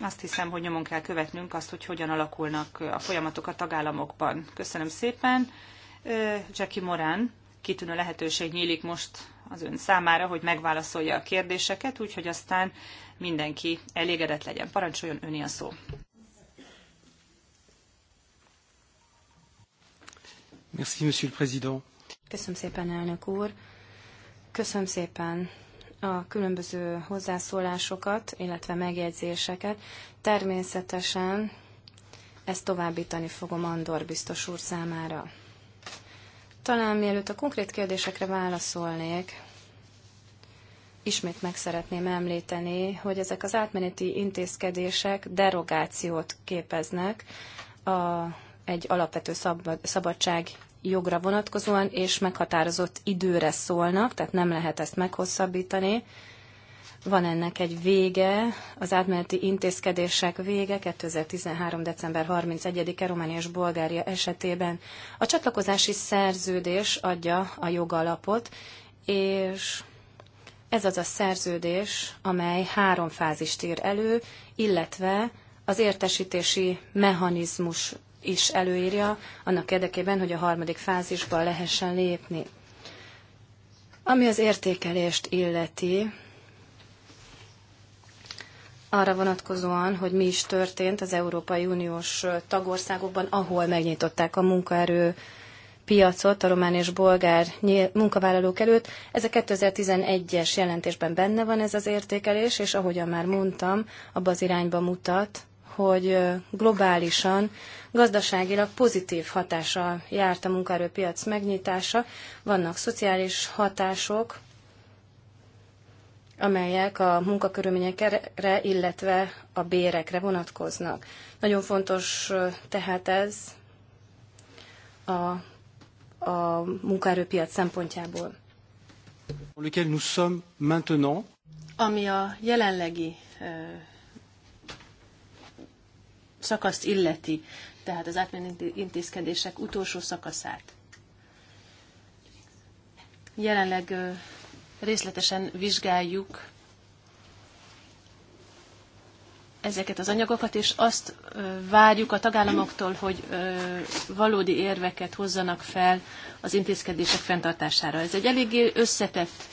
azt hiszem, hogy nyomon kell követnünk azt, hogy hogyan alakulnak a folyamatok a tagállamokban. Köszönöm szépen. Jackie Morán, kitűnő lehetőség nyílik most az ön számára, hogy megválaszolja a kérdéseket, úgyhogy aztán mindenki elégedett legyen. Parancsoljon öné a szó. Merci, Monsieur le Président.
Köszönöm szépen, elnök úr. Köszönöm szépen a különböző hozzászólásokat, illetve megjegyzéseket. Természetesen ezt továbbítani fogom Andor biztos úr számára. Talán mielőtt a konkrét kérdésekre válaszolnék, ismét meg szeretném említeni, hogy ezek az átmeneti intézkedések derogációt képeznek a, egy alapvető szabad, szabadság jogra vonatkozóan, és meghatározott időre szólnak, tehát nem lehet ezt meghosszabbítani. Van ennek egy vége, az átmeneti intézkedések vége 2013. december 31-e Románia és Bulgária esetében. A csatlakozási szerződés adja a jogalapot, és ez az a szerződés, amely három fázist ír elő, illetve az értesítési mechanizmus is előírja, annak érdekében, hogy a harmadik fázisba lehessen lépni. Ami az értékelést illeti, arra vonatkozóan, hogy mi is történt az Európai Uniós tagországokban, ahol megnyitották a munkaerő piacot a román és bolgár munkavállalók előtt. Ez a 2011-es jelentésben benne van ez az értékelés, és ahogyan már mondtam, abba az irányba mutat, hogy globálisan, gazdaságilag pozitív hatással járt a munkaerőpiac megnyitása. Vannak szociális hatások, amelyek a munkakörülményekre, illetve a bérekre vonatkoznak. Nagyon fontos tehát ez a, a munkaerőpiac szempontjából.
Ami a jelenlegi szakaszt illeti, tehát az átmeneti intézkedések utolsó szakaszát. Jelenleg részletesen vizsgáljuk ezeket az anyagokat, és azt várjuk a tagállamoktól, hogy valódi érveket hozzanak fel az intézkedések fenntartására. Ez egy eléggé összetett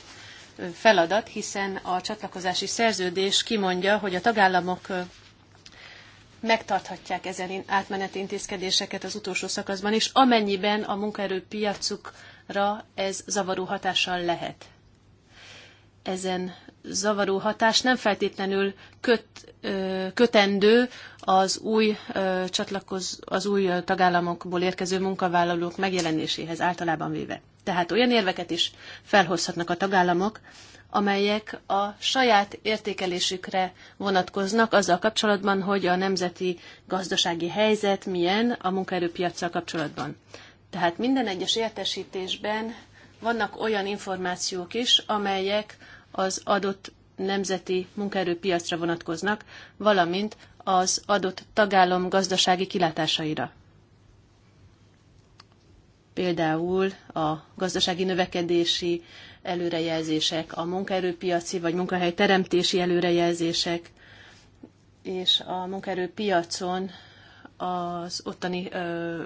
feladat, hiszen a csatlakozási szerződés kimondja, hogy a tagállamok megtarthatják ezen átmeneti intézkedéseket az utolsó szakaszban is, amennyiben a munkaerőpiacukra ez zavaró hatással lehet. Ezen zavaró hatás nem feltétlenül köt, kötendő az új, csatlakoz, az új tagállamokból érkező munkavállalók megjelenéséhez általában véve. Tehát olyan érveket is felhozhatnak a tagállamok, amelyek a saját értékelésükre vonatkoznak azzal kapcsolatban, hogy a nemzeti gazdasági helyzet milyen a munkaerőpiacsal kapcsolatban. Tehát minden egyes értesítésben vannak olyan információk is, amelyek az adott nemzeti munkaerőpiacra vonatkoznak, valamint az adott tagállam gazdasági kilátásaira. Például a gazdasági növekedési előrejelzések, a munkaerőpiaci vagy munkahely teremtési előrejelzések, és a munkaerőpiacon az ottani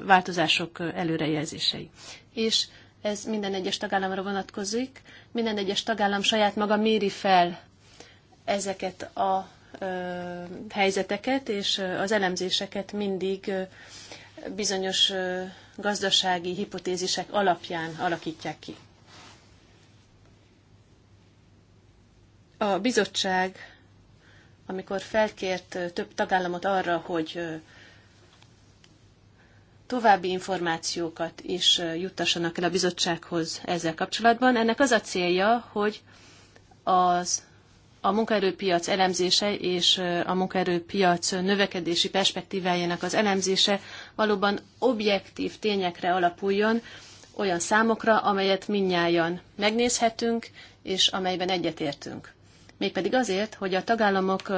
változások előrejelzései. És ez minden egyes tagállamra vonatkozik, minden egyes tagállam saját maga méri fel ezeket a helyzeteket, és az elemzéseket mindig bizonyos gazdasági hipotézisek alapján alakítják ki. A bizottság, amikor felkért több tagállamot arra, hogy további információkat is juttassanak el a bizottsághoz ezzel kapcsolatban. Ennek az a célja, hogy az a munkaerőpiac elemzése és a munkaerőpiac növekedési perspektívájának az elemzése valóban objektív tényekre alapuljon, olyan számokra, amelyet minnyáján megnézhetünk, és amelyben egyetértünk mégpedig azért, hogy a tagállamok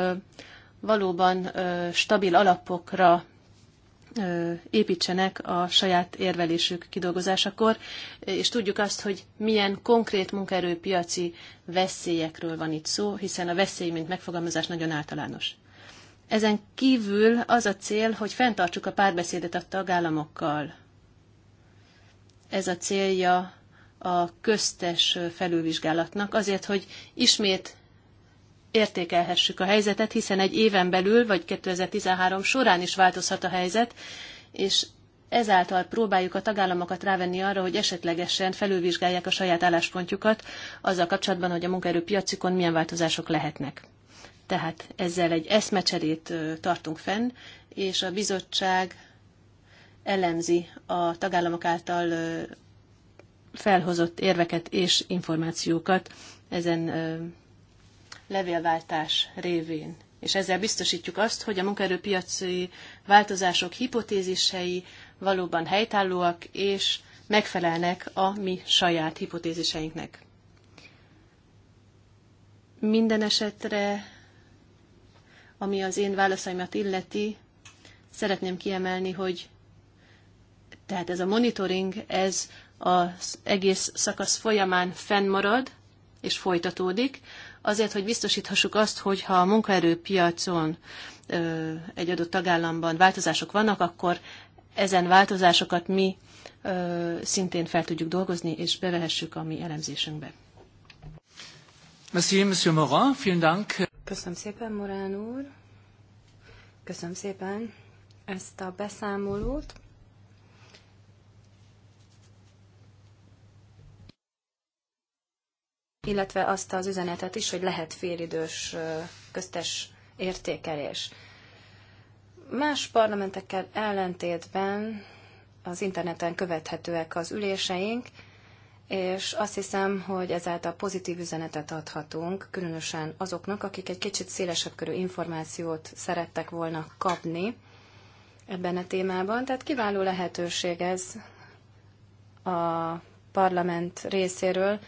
valóban stabil alapokra építsenek a saját érvelésük kidolgozásakor, és tudjuk azt, hogy milyen konkrét munkaerőpiaci veszélyekről van itt szó, hiszen a veszély, mint megfogalmazás nagyon általános. Ezen kívül az a cél, hogy fenntartsuk a párbeszédet a tagállamokkal. Ez a célja a köztes felülvizsgálatnak, azért, hogy ismét értékelhessük a helyzetet, hiszen egy éven belül, vagy 2013 során is változhat a helyzet, és ezáltal próbáljuk a tagállamokat rávenni arra, hogy esetlegesen felülvizsgálják a saját álláspontjukat azzal kapcsolatban, hogy a munkaerőpiacikon milyen változások lehetnek. Tehát ezzel egy eszmecserét tartunk fenn, és a bizottság elemzi a tagállamok által felhozott érveket és információkat ezen levélváltás révén. És ezzel biztosítjuk azt, hogy a munkaerőpiaci változások hipotézisei valóban helytállóak és megfelelnek a mi saját hipotéziseinknek. Minden esetre, ami az én válaszaimat illeti, szeretném kiemelni, hogy tehát ez a monitoring, ez az egész szakasz folyamán fennmarad, és folytatódik, azért, hogy biztosíthassuk azt, hogy ha a munkaerőpiacon egy adott tagállamban változások vannak, akkor ezen változásokat mi szintén fel tudjuk dolgozni, és bevehessük a mi elemzésünkbe.
Merci, Monsieur
Morin, vielen Dank. Köszönöm szépen, Morán úr.
Köszönöm szépen
ezt a beszámolót. illetve azt az üzenetet is, hogy lehet félidős köztes értékelés. Más parlamentekkel ellentétben az interneten követhetőek az üléseink, és azt hiszem, hogy ezáltal pozitív üzenetet adhatunk, különösen azoknak, akik egy kicsit szélesebb körű információt szerettek volna kapni ebben a témában. Tehát kiváló lehetőség ez a parlament részéről,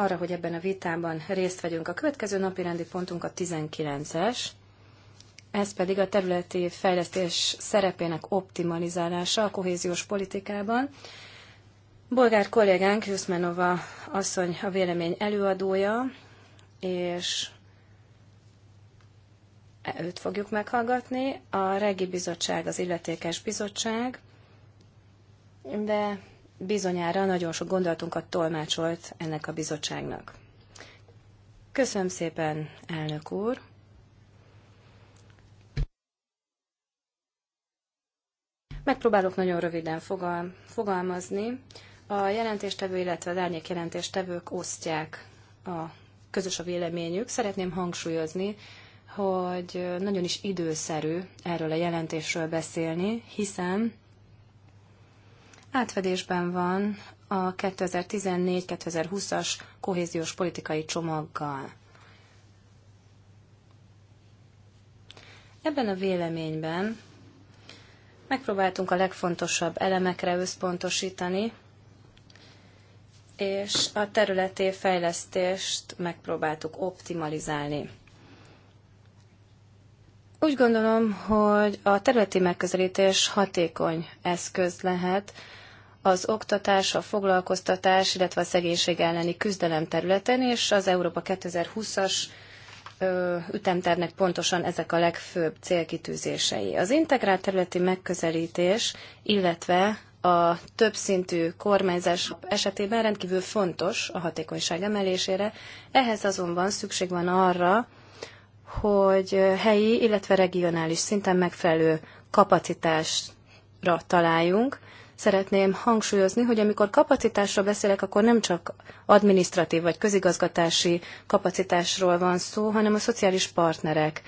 arra, hogy ebben a vitában részt vegyünk. A következő napi rendi pontunk a 19-es, ez pedig a területi fejlesztés szerepének optimalizálása a kohéziós politikában. Bolgár kollégánk, Jusmenova asszony a vélemény előadója, és őt fogjuk meghallgatni. A Regi Bizottság az illetékes bizottság, de bizonyára nagyon sok gondolatunkat tolmácsolt ennek a bizottságnak. Köszönöm szépen, elnök úr! Megpróbálok nagyon röviden fogal, fogalmazni. A jelentéstevő, illetve az árnyék jelentéstevők osztják a közös a véleményük. Szeretném hangsúlyozni, hogy nagyon is időszerű erről a jelentésről beszélni, hiszen átfedésben van a 2014-2020-as kohéziós politikai csomaggal. Ebben a véleményben megpróbáltunk a legfontosabb elemekre összpontosítani, és a területi fejlesztést megpróbáltuk optimalizálni. Úgy gondolom, hogy a területi megközelítés hatékony eszköz lehet az oktatás, a foglalkoztatás, illetve a szegénység elleni küzdelem területen, és az Európa 2020-as ütemtervnek pontosan ezek a legfőbb célkitűzései. Az integrált területi megközelítés, illetve a többszintű kormányzás esetében rendkívül fontos a hatékonyság emelésére, ehhez azonban szükség van arra, hogy helyi, illetve regionális szinten megfelelő kapacitásra találjunk. Szeretném hangsúlyozni, hogy amikor kapacitásról beszélek, akkor nem csak administratív vagy közigazgatási kapacitásról van szó, hanem a szociális partnerek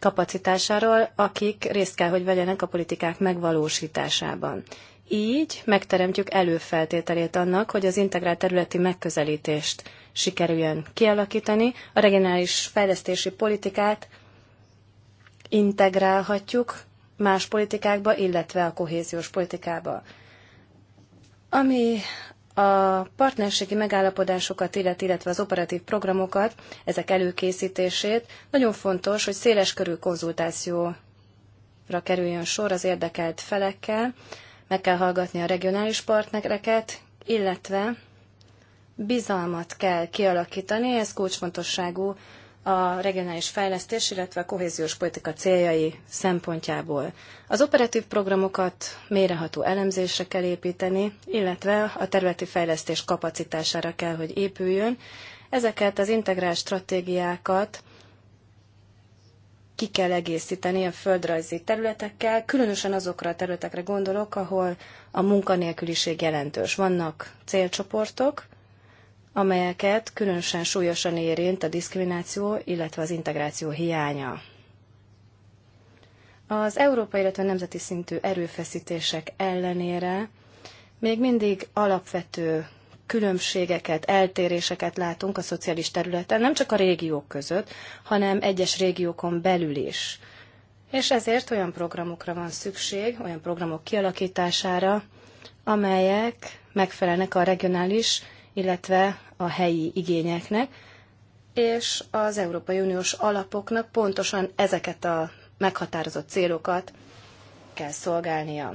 kapacitásáról, akik részt kell, hogy vegyenek a politikák megvalósításában. Így megteremtjük előfeltételét annak, hogy az integrált területi megközelítést sikerüljön kialakítani. A regionális fejlesztési politikát integrálhatjuk más politikákba, illetve a kohéziós politikába. Ami a partnerségi megállapodásokat, illet, illetve az operatív programokat, ezek előkészítését, nagyon fontos, hogy széles körű konzultációra kerüljön sor az érdekelt felekkel, meg kell hallgatni a regionális partnereket, illetve bizalmat kell kialakítani, ez kulcsfontosságú a regionális fejlesztés, illetve a kohéziós politika céljai szempontjából. Az operatív programokat méreható elemzésre kell építeni, illetve a területi fejlesztés kapacitására kell, hogy épüljön. Ezeket az integrált stratégiákat ki kell egészíteni a földrajzi területekkel, különösen azokra a területekre gondolok, ahol a munkanélküliség jelentős. Vannak célcsoportok, amelyeket különösen súlyosan érint a diszkrimináció, illetve az integráció hiánya. Az európai, illetve nemzeti szintű erőfeszítések ellenére még mindig alapvető különbségeket, eltéréseket látunk a szociális területen, nem csak a régiók között, hanem egyes régiókon belül is. És ezért olyan programokra van szükség, olyan programok kialakítására, amelyek megfelelnek a regionális illetve a helyi igényeknek, és az Európai Uniós alapoknak pontosan ezeket a meghatározott célokat kell szolgálnia.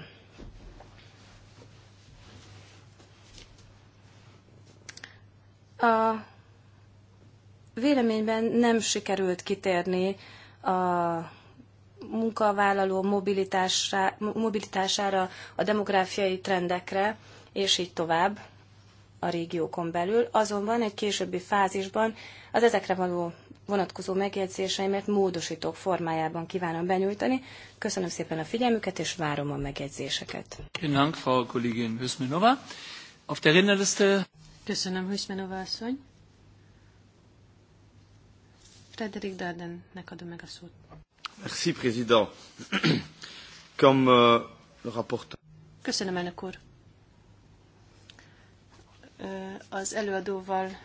A véleményben nem sikerült kitérni a munkavállaló mobilitására, mobilitására a demográfiai trendekre, és így tovább a régiókon belül, azonban egy későbbi fázisban az ezekre való vonatkozó megjegyzéseimet módosítók formájában kívánom benyújtani. Köszönöm szépen a figyelmüket, és várom a megjegyzéseket.
Köszönöm, Frau Kollegin
Köszönöm, asszony. Frederik Dardennek adom meg a szót.
Merci, président. Comme euh, rapporteur.
Köszönöm, elnök úr az előadóval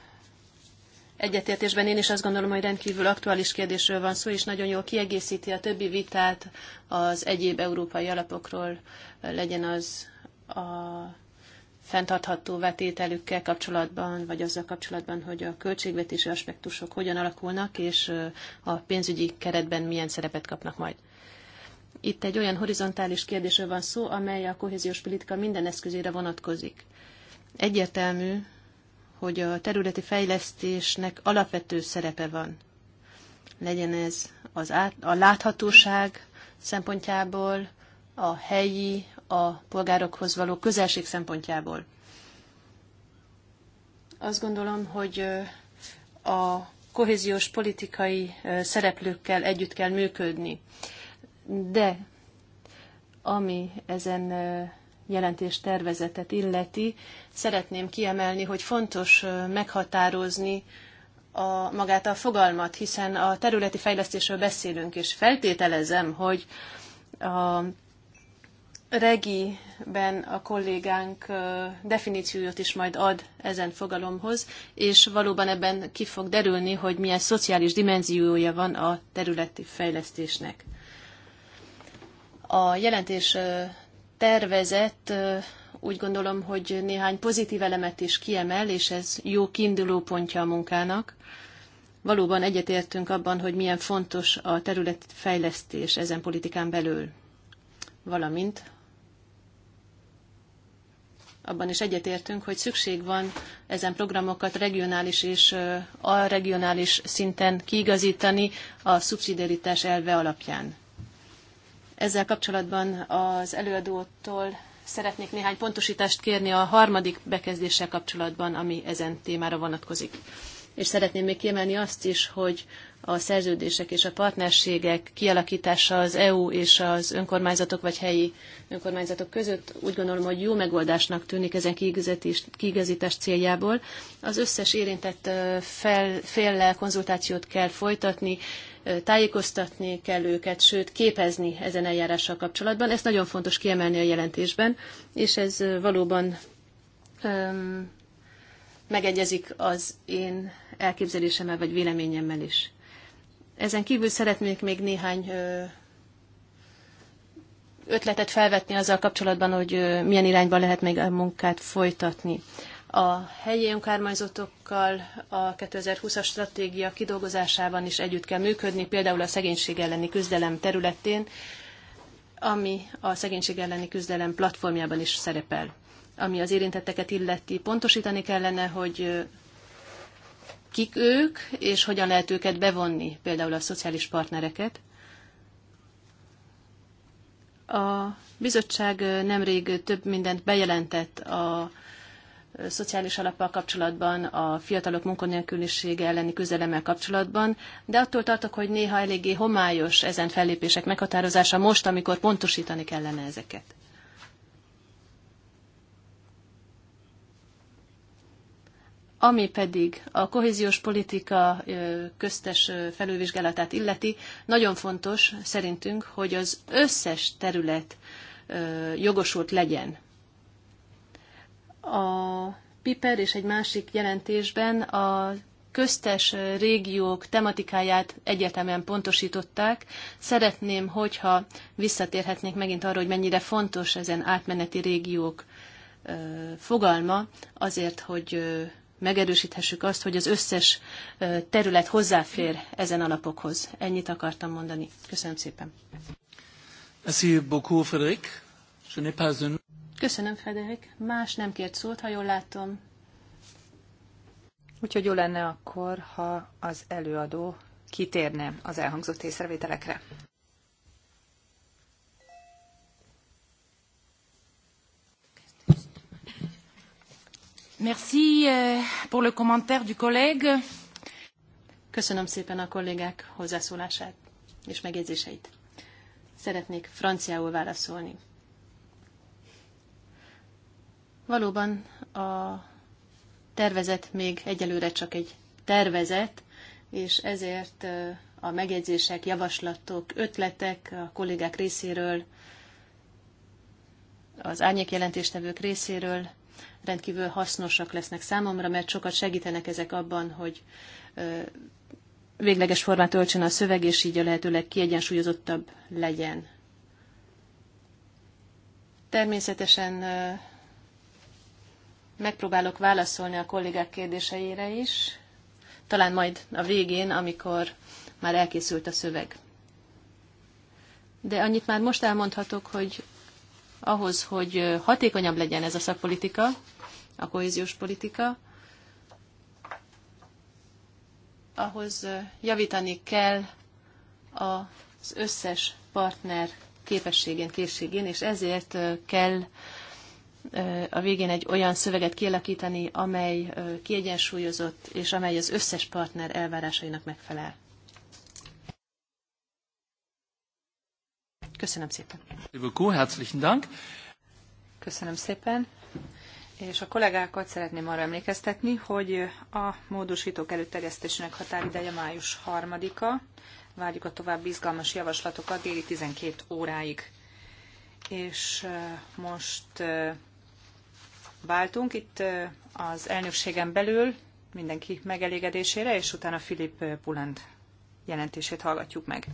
egyetértésben én is azt gondolom, hogy rendkívül aktuális kérdésről van szó, és nagyon jól kiegészíti a többi vitát az egyéb európai alapokról, legyen az a fenntartható vetételükkel kapcsolatban, vagy azzal kapcsolatban, hogy a költségvetési aspektusok hogyan alakulnak, és a pénzügyi keretben milyen szerepet kapnak majd. Itt egy olyan horizontális kérdésről van szó, amely a kohéziós politika minden eszközére vonatkozik. Egyértelmű, hogy a területi fejlesztésnek alapvető szerepe van. Legyen ez az át, a láthatóság szempontjából, a helyi, a polgárokhoz való közelség szempontjából. Azt gondolom, hogy a kohéziós politikai szereplőkkel együtt kell működni. De ami ezen jelentés tervezetet illeti, szeretném kiemelni, hogy fontos meghatározni a, magát a fogalmat, hiszen a területi fejlesztésről beszélünk, és feltételezem, hogy a regiben a kollégánk definíciót is majd ad ezen fogalomhoz, és valóban ebben ki fog derülni, hogy milyen szociális dimenziója van a területi fejlesztésnek. A jelentés tervezet úgy gondolom, hogy néhány pozitív elemet is kiemel, és ez jó kiinduló pontja a munkának. Valóban egyetértünk abban, hogy milyen fontos a területfejlesztés ezen politikán belül. Valamint abban is egyetértünk, hogy szükség van ezen programokat regionális és a regionális szinten kiigazítani a szubszidiaritás elve alapján. Ezzel kapcsolatban az előadótól szeretnék néhány pontosítást kérni a harmadik bekezdéssel kapcsolatban, ami ezen témára vonatkozik. És szeretném még kiemelni azt is, hogy a szerződések és a partnerségek kialakítása az EU és az önkormányzatok vagy helyi önkormányzatok között úgy gondolom, hogy jó megoldásnak tűnik ezen kiigazítás céljából. Az összes érintett féllel konzultációt kell folytatni, tájékoztatni kell őket, sőt képezni ezen eljárással kapcsolatban. Ezt nagyon fontos kiemelni a jelentésben, és ez valóban öm, megegyezik az én elképzelésemmel vagy véleményemmel is. Ezen kívül szeretnék még néhány ötletet felvetni azzal kapcsolatban, hogy milyen irányban lehet még a munkát folytatni. A helyi önkormányzatokkal a 2020-as stratégia kidolgozásában is együtt kell működni, például a szegénység elleni küzdelem területén, ami a szegénység elleni küzdelem platformjában is szerepel. Ami az érintetteket illeti, pontosítani kellene, hogy kik ők, és hogyan lehet őket bevonni, például a szociális partnereket. A bizottság nemrég több mindent bejelentett a szociális alappal kapcsolatban, a fiatalok munkanélkülisége elleni küzdelemmel kapcsolatban, de attól tartok, hogy néha eléggé homályos ezen fellépések meghatározása most, amikor pontosítani kellene ezeket. Ami pedig a kohéziós politika köztes felülvizsgálatát illeti, nagyon fontos szerintünk, hogy az összes terület jogosult legyen a Piper és egy másik jelentésben a köztes régiók tematikáját egyértelműen pontosították. Szeretném, hogyha visszatérhetnék megint arra, hogy mennyire fontos ezen átmeneti régiók fogalma, azért, hogy megerősíthessük azt, hogy az összes terület hozzáfér ezen alapokhoz. Ennyit akartam mondani. Köszönöm szépen.
Merci beaucoup, Frédéric. Je n'ai pas un...
Köszönöm, Frederik. Más nem kért szót, ha jól látom. Úgyhogy jó lenne akkor, ha az előadó
kitérne az elhangzott észrevételekre.
Merci eh, pour le commentaire du collègue. Köszönöm szépen a kollégák hozzászólását és megjegyzéseit. Szeretnék franciául válaszolni. Valóban a tervezet még egyelőre csak egy tervezet, és ezért a megjegyzések, javaslatok, ötletek a kollégák részéről, az árnyék jelentéstevők részéről rendkívül hasznosak lesznek számomra, mert sokat segítenek ezek abban, hogy végleges formát öltsön a szöveg, és így a lehetőleg kiegyensúlyozottabb legyen. Természetesen Megpróbálok válaszolni a kollégák kérdéseire is, talán majd a végén, amikor már elkészült a szöveg. De annyit már most elmondhatok, hogy ahhoz, hogy hatékonyabb legyen ez a szakpolitika, a kohéziós politika, ahhoz javítani kell az összes partner képességén, készségén, és ezért kell a végén egy olyan szöveget kialakítani, amely kiegyensúlyozott, és amely az összes partner elvárásainak megfelel. Köszönöm szépen.
Herzlichen Dank.
Köszönöm szépen. És a kollégákat szeretném arra emlékeztetni, hogy a módosítók előterjesztésének határideje május 3-a. Várjuk a további izgalmas javaslatokat déli 12 óráig. És most váltunk itt az elnökségen belül mindenki megelégedésére, és utána Filip Puland jelentését hallgatjuk meg.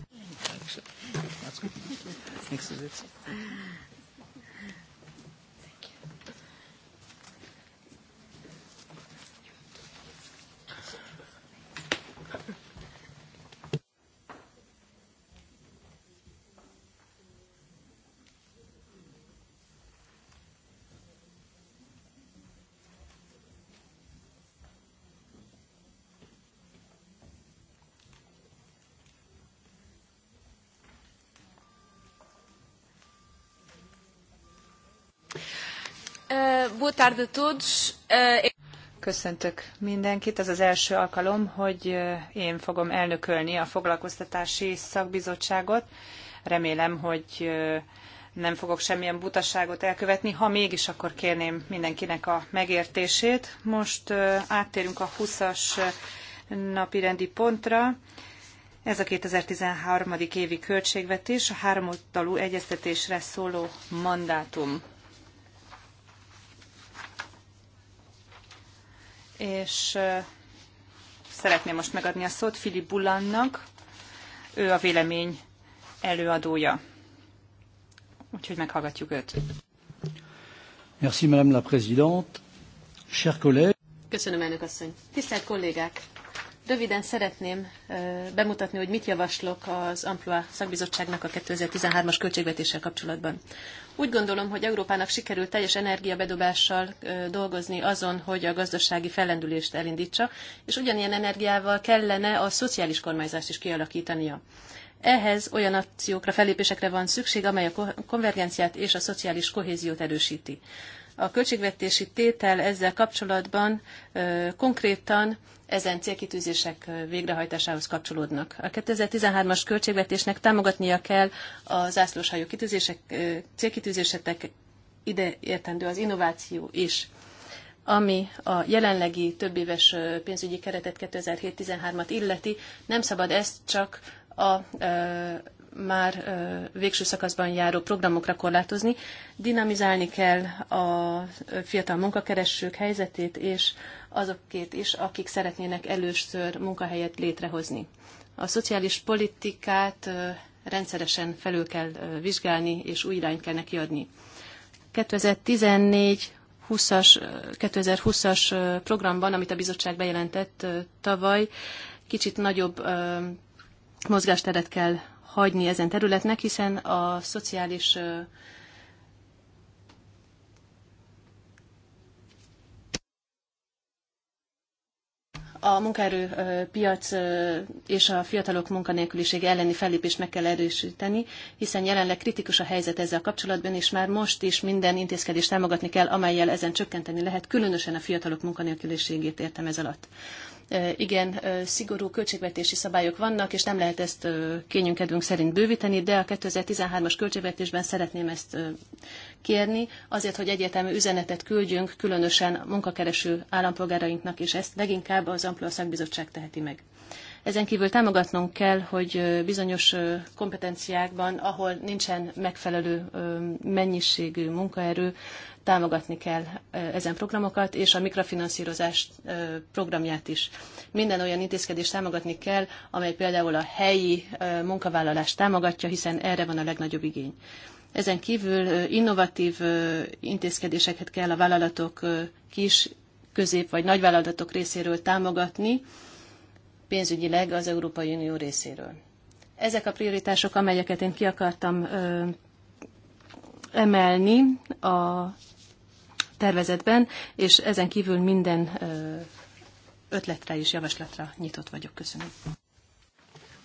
tarde a todos. Eh,
Köszöntök mindenkit. Ez az első alkalom, hogy eh, én fogom elnökölni a foglalkoztatási szakbizottságot. Remélem, hogy eh, nem fogok semmilyen butaságot elkövetni. Ha mégis, akkor kérném mindenkinek a megértését. Most áttérünk a 20-as napi rendi pontra. Ez a 2013. évi költségvetés, a háromoldalú egyeztetésre szóló mandátum. és szeretném most megadni a szót Filip Bullannak, ő a vélemény előadója. Úgyhogy meghallgatjuk őt. Merci, Madame la Présidente. Chers collègues.
Köszönöm, elnök asszony. Tisztelt kollégák! Röviden szeretném bemutatni, hogy mit javaslok az Amplua szakbizottságnak a 2013-as költségvetéssel kapcsolatban. Úgy gondolom, hogy Európának sikerült teljes energiabedobással dolgozni azon, hogy a gazdasági fellendülést elindítsa, és ugyanilyen energiával kellene a szociális kormányzást is kialakítania. Ehhez olyan akciókra, felépésekre van szükség, amely a konvergenciát és a szociális kohéziót erősíti. A költségvetési tétel ezzel kapcsolatban konkrétan ezen célkitűzések végrehajtásához kapcsolódnak. A 2013-as költségvetésnek támogatnia kell a zászlóshajó kitűzések, célkitűzésetek ide értendő az innováció is ami a jelenlegi többéves pénzügyi keretet 2007-13-at illeti, nem szabad ezt csak a már végső szakaszban járó programokra korlátozni. Dinamizálni kell a fiatal munkakeresők helyzetét, és azokét is, akik szeretnének először munkahelyet létrehozni. A szociális politikát rendszeresen felül kell vizsgálni, és új irányt kell neki adni. 2014 20-as, 2020-as programban, amit a bizottság bejelentett tavaly, kicsit nagyobb mozgásteret kell hagyni ezen területnek, hiszen a szociális a munkaerőpiac és a fiatalok munkanélkülisége elleni fellépést meg kell erősíteni, hiszen jelenleg kritikus a helyzet ezzel kapcsolatban, és már most is minden intézkedést támogatni kell, amelyel ezen csökkenteni lehet, különösen a fiatalok munkanélküliségét értem ez alatt igen szigorú költségvetési szabályok vannak, és nem lehet ezt kényünkedünk szerint bővíteni, de a 2013-as költségvetésben szeretném ezt kérni, azért, hogy egyértelmű üzenetet küldjünk, különösen munkakereső állampolgárainknak, és ezt leginkább az Ampló Szakbizottság teheti meg. Ezen kívül támogatnunk kell, hogy bizonyos kompetenciákban, ahol nincsen megfelelő mennyiségű munkaerő, támogatni kell ezen programokat, és a mikrofinanszírozás programját is. Minden olyan intézkedést támogatni kell, amely például a helyi munkavállalást támogatja, hiszen erre van a legnagyobb igény. Ezen kívül innovatív intézkedéseket kell a vállalatok kis, közép vagy nagyvállalatok részéről támogatni, pénzügyileg az Európai Unió részéről. Ezek a prioritások, amelyeket én ki akartam emelni a tervezetben, és ezen kívül minden ötletre és javaslatra nyitott vagyok. Köszönöm.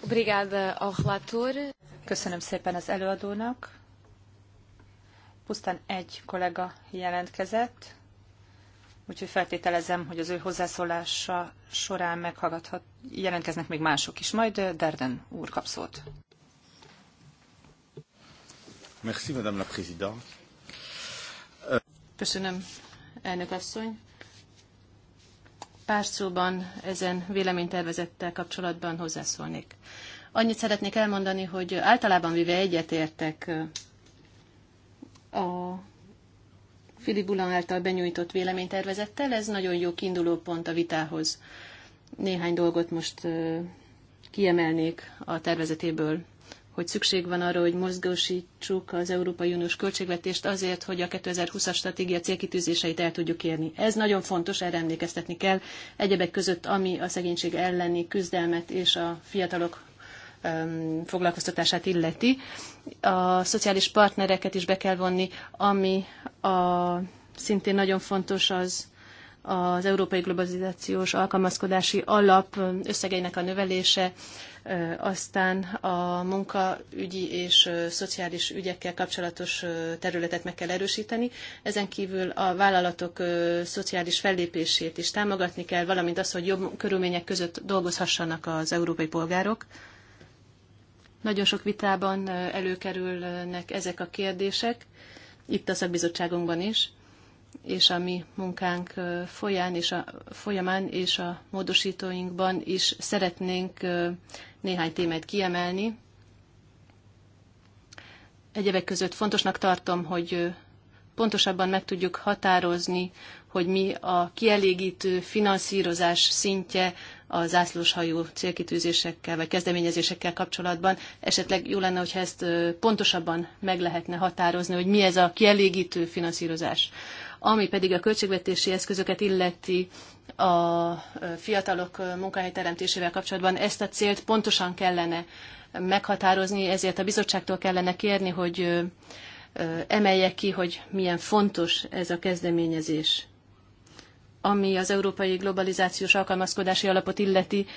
Obrigada relator. Köszönöm szépen az előadónak. Pusztán egy kollega jelentkezett, úgyhogy feltételezem, hogy az ő hozzászólása során meghallgathat, jelentkeznek még mások is. Majd Derden úr kap szót. Merci, Madame la Présidente.
Köszönöm, elnök asszony. Pár szóban ezen véleménytervezettel kapcsolatban hozzászólnék. Annyit szeretnék elmondani, hogy általában véve egyetértek a Filip Bulan által benyújtott véleménytervezettel. Ez nagyon jó kiinduló pont a vitához. Néhány dolgot most kiemelnék a tervezetéből hogy szükség van arra, hogy mozgósítsuk az Európai Uniós költségvetést azért, hogy a 2020-as stratégia célkitűzéseit el tudjuk érni. Ez nagyon fontos, erre emlékeztetni kell. Egyebek között, ami a szegénység elleni küzdelmet és a fiatalok foglalkoztatását illeti. A szociális partnereket is be kell vonni, ami a, szintén nagyon fontos az az Európai Globalizációs Alkalmazkodási Alap összegeinek a növelése, aztán a munkaügyi és szociális ügyekkel kapcsolatos területet meg kell erősíteni. Ezen kívül a vállalatok szociális fellépését is támogatni kell, valamint az, hogy jobb körülmények között dolgozhassanak az európai polgárok. Nagyon sok vitában előkerülnek ezek a kérdések, itt a szakbizottságunkban is és a mi munkánk folyán és a, folyamán és a módosítóinkban is szeretnénk néhány témát kiemelni. Egyebek között fontosnak tartom, hogy pontosabban meg tudjuk határozni, hogy mi a kielégítő finanszírozás szintje a zászlóshajó célkitűzésekkel vagy kezdeményezésekkel kapcsolatban. Esetleg jó lenne, hogyha ezt pontosabban meg lehetne határozni, hogy mi ez a kielégítő finanszírozás. Ami pedig a költségvetési eszközöket illeti a fiatalok munkahelyteremtésével kapcsolatban, ezt a célt pontosan kellene meghatározni, ezért a bizottságtól kellene kérni, hogy emelje ki, hogy milyen fontos ez a kezdeményezés ami az európai globalizációs alkalmazkodási alapot illeti,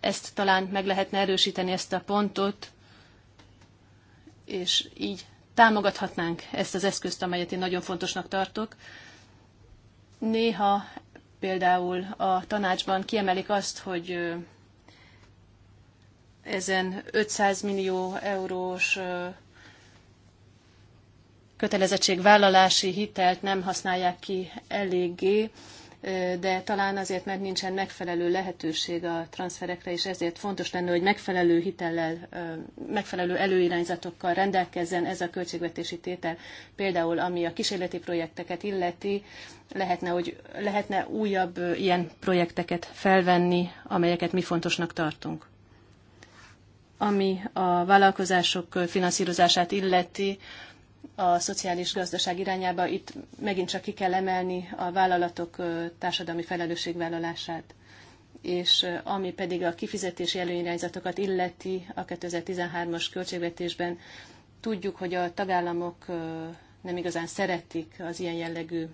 ezt talán meg lehetne erősíteni ezt a pontot, és így támogathatnánk ezt az eszközt, amelyet én nagyon fontosnak tartok, Néha például a tanácsban kiemelik azt, hogy ezen 500 millió eurós kötelezettségvállalási hitelt nem használják ki eléggé, de talán azért, mert nincsen megfelelő lehetőség a transferekre, és ezért fontos lenne, hogy megfelelő hitellel, megfelelő előirányzatokkal rendelkezzen ez a költségvetési tétel. Például, ami a kísérleti projekteket illeti, lehetne, hogy lehetne újabb ilyen projekteket felvenni, amelyeket mi fontosnak tartunk. Ami a vállalkozások finanszírozását illeti, a szociális gazdaság irányába. Itt megint csak ki kell emelni a vállalatok társadalmi felelősségvállalását és ami pedig a kifizetési előirányzatokat illeti a 2013-as költségvetésben, tudjuk, hogy a tagállamok nem igazán szeretik az ilyen jellegű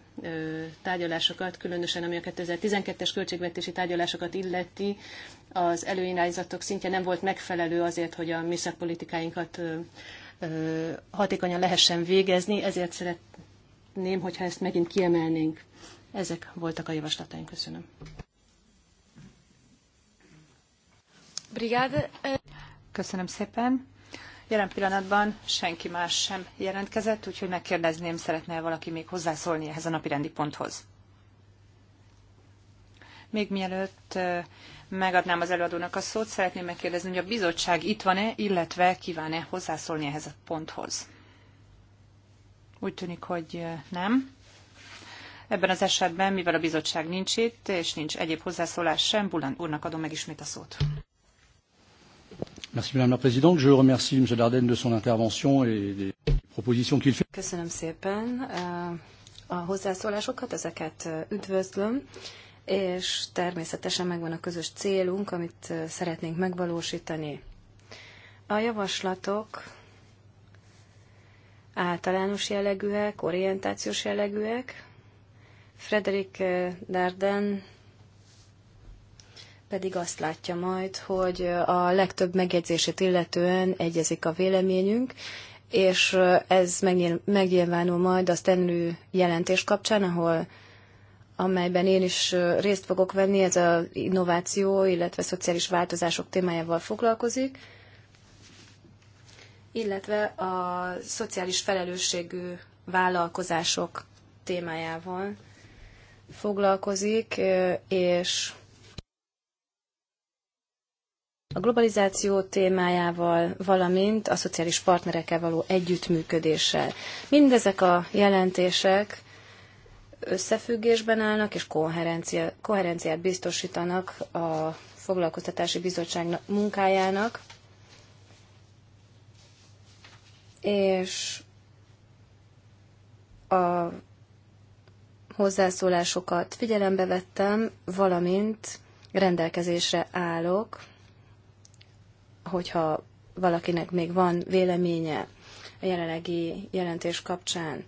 tárgyalásokat, különösen ami a 2012-es költségvetési tárgyalásokat illeti, az előirányzatok szintje nem volt megfelelő azért, hogy a mi szakpolitikáinkat hatékonyan lehessen végezni, ezért szeretném, hogyha ezt megint kiemelnénk. Ezek voltak a javaslataink. Köszönöm. Brigád.
Köszönöm szépen. Jelen pillanatban senki más sem jelentkezett, úgyhogy megkérdezném, szeretne -e valaki még hozzászólni ehhez a rendi ponthoz. Még mielőtt megadnám az előadónak a szót. Szeretném megkérdezni, hogy a bizottság itt van-e, illetve kíván-e hozzászólni ehhez a ponthoz. Úgy tűnik, hogy nem. Ebben az esetben, mivel a bizottság nincs itt, és nincs egyéb hozzászólás sem, Bulan úrnak adom meg ismét a szót.
Merci Madame la Présidente. Je remercie M. Dardenne de son intervention et des propositions qu'il fait.
Köszönöm
szépen a hozzászólásokat, ezeket üdvözlöm és természetesen megvan a közös célunk, amit szeretnénk megvalósítani. A javaslatok általános jellegűek, orientációs jellegűek. Frederik Darden pedig azt látja majd, hogy a legtöbb megjegyzését illetően egyezik a véleményünk, és ez megnyilvánul majd a Stenlő jelentés kapcsán, ahol amelyben én is részt fogok venni, ez a innováció, illetve szociális változások témájával foglalkozik, illetve a szociális felelősségű vállalkozások témájával foglalkozik, és a globalizáció témájával, valamint a szociális partnerekkel való együttműködéssel. Mindezek a jelentések összefüggésben állnak, és koherencia, koherenciát biztosítanak a foglalkoztatási bizottság munkájának. És a hozzászólásokat figyelembe vettem, valamint rendelkezésre állok, hogyha valakinek még van véleménye a jelenlegi jelentés kapcsán.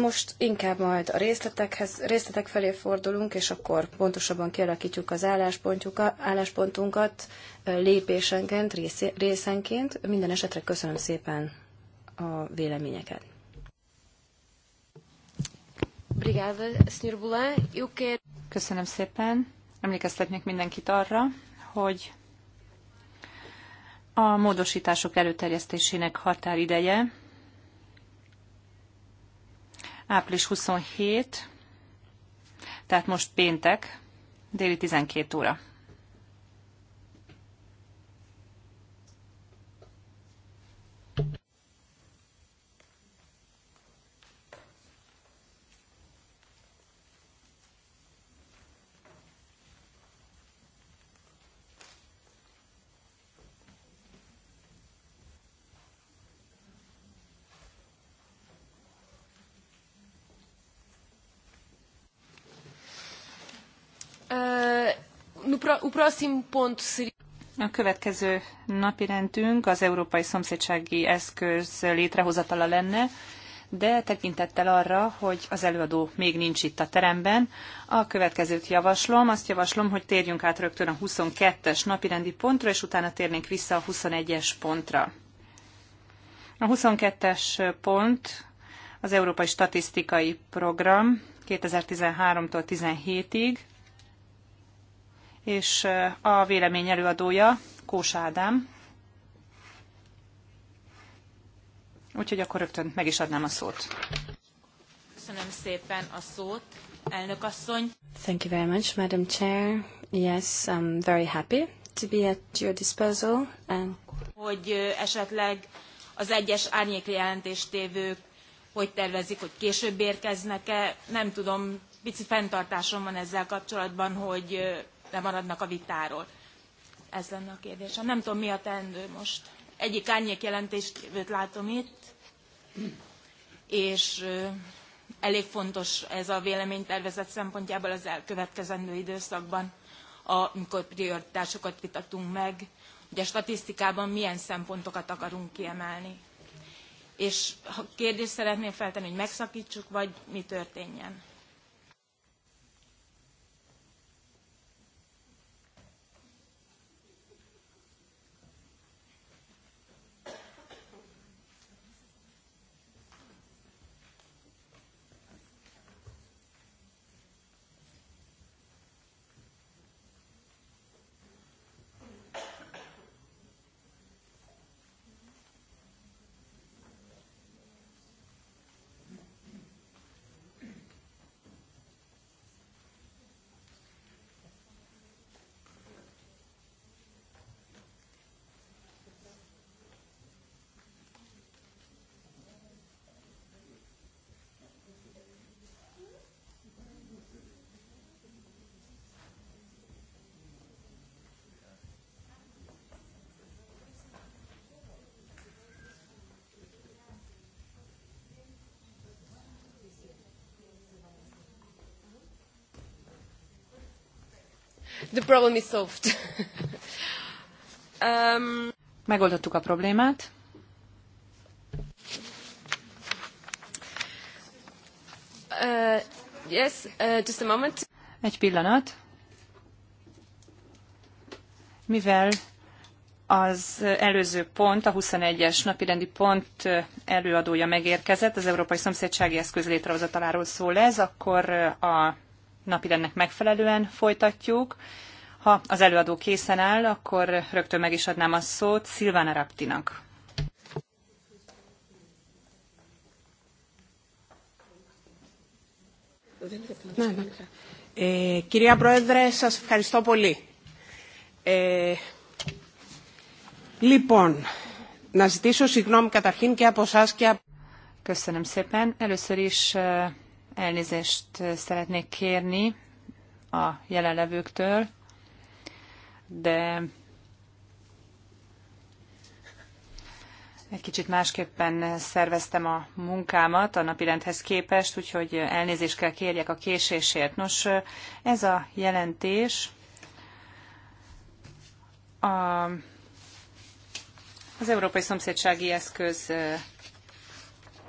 Most inkább majd a részletekhez, részletek felé fordulunk, és akkor pontosabban kialakítjuk az álláspontunkat lépésenként, részenként. Minden esetre köszönöm szépen a véleményeket.
Köszönöm szépen. Emlékeztetnék mindenkit arra, hogy a módosítások előterjesztésének határideje április 27, tehát most péntek, déli 12 óra. o próximo ponto seria... A következő napirendünk az Európai Szomszédsági Eszköz létrehozatala lenne, de tekintettel arra, hogy az előadó még nincs itt a teremben, a következőt javaslom. Azt javaslom, hogy térjünk át rögtön a 22-es napirendi pontra, és utána térnénk vissza a 21-es pontra. A 22-es pont az Európai Statisztikai Program 2013-tól 2017 ig és a vélemény előadója Kós Ádám. Úgyhogy akkor rögtön meg is adnám a szót.
Köszönöm szépen a szót, elnök asszony.
Thank
you very much, Madam Chair. Yes, I'm very happy to be at your disposal. And...
Hogy esetleg az egyes árnyékli jelentéstévők hogy tervezik, hogy később érkeznek-e. Nem tudom, pici fenntartásom van ezzel kapcsolatban, hogy lemaradnak a vitáról. Ez lenne a kérdésem. Nem tudom, mi a teendő most. Egyik árnyék jelentést látom itt, és elég fontos ez a véleménytervezet szempontjából az elkövetkezendő időszakban, amikor prioritásokat vitatunk meg, hogy a statisztikában milyen szempontokat akarunk kiemelni. És ha kérdést
szeretném feltenni, hogy megszakítsuk, vagy mi történjen.
The problem is solved.
um, Megoldottuk a problémát.
Uh, yes, uh, just a moment.
Egy pillanat. Mivel az előző pont, a 21-es rendi pont uh, előadója megérkezett, az Európai Szomszédsági Eszköz létrehozataláról szól ez, akkor uh, a napirendnek megfelelően folytatjuk. Ha az előadó készen áll, akkor rögtön meg is adnám a szót Szilvána Raptinak.
Kiria eh, κυρία szasz, felisztó poli. πολύ. Ε,
λοιπόν, να ζητήσω συγγνώμη Köszönöm szépen. Először is eh, elnézést szeretnék kérni a jelenlevőktől, de egy kicsit másképpen szerveztem a munkámat a rendhez képest, úgyhogy elnézést kell kérjek a késésért. Nos, ez a jelentés a, az Európai Szomszédsági Eszköz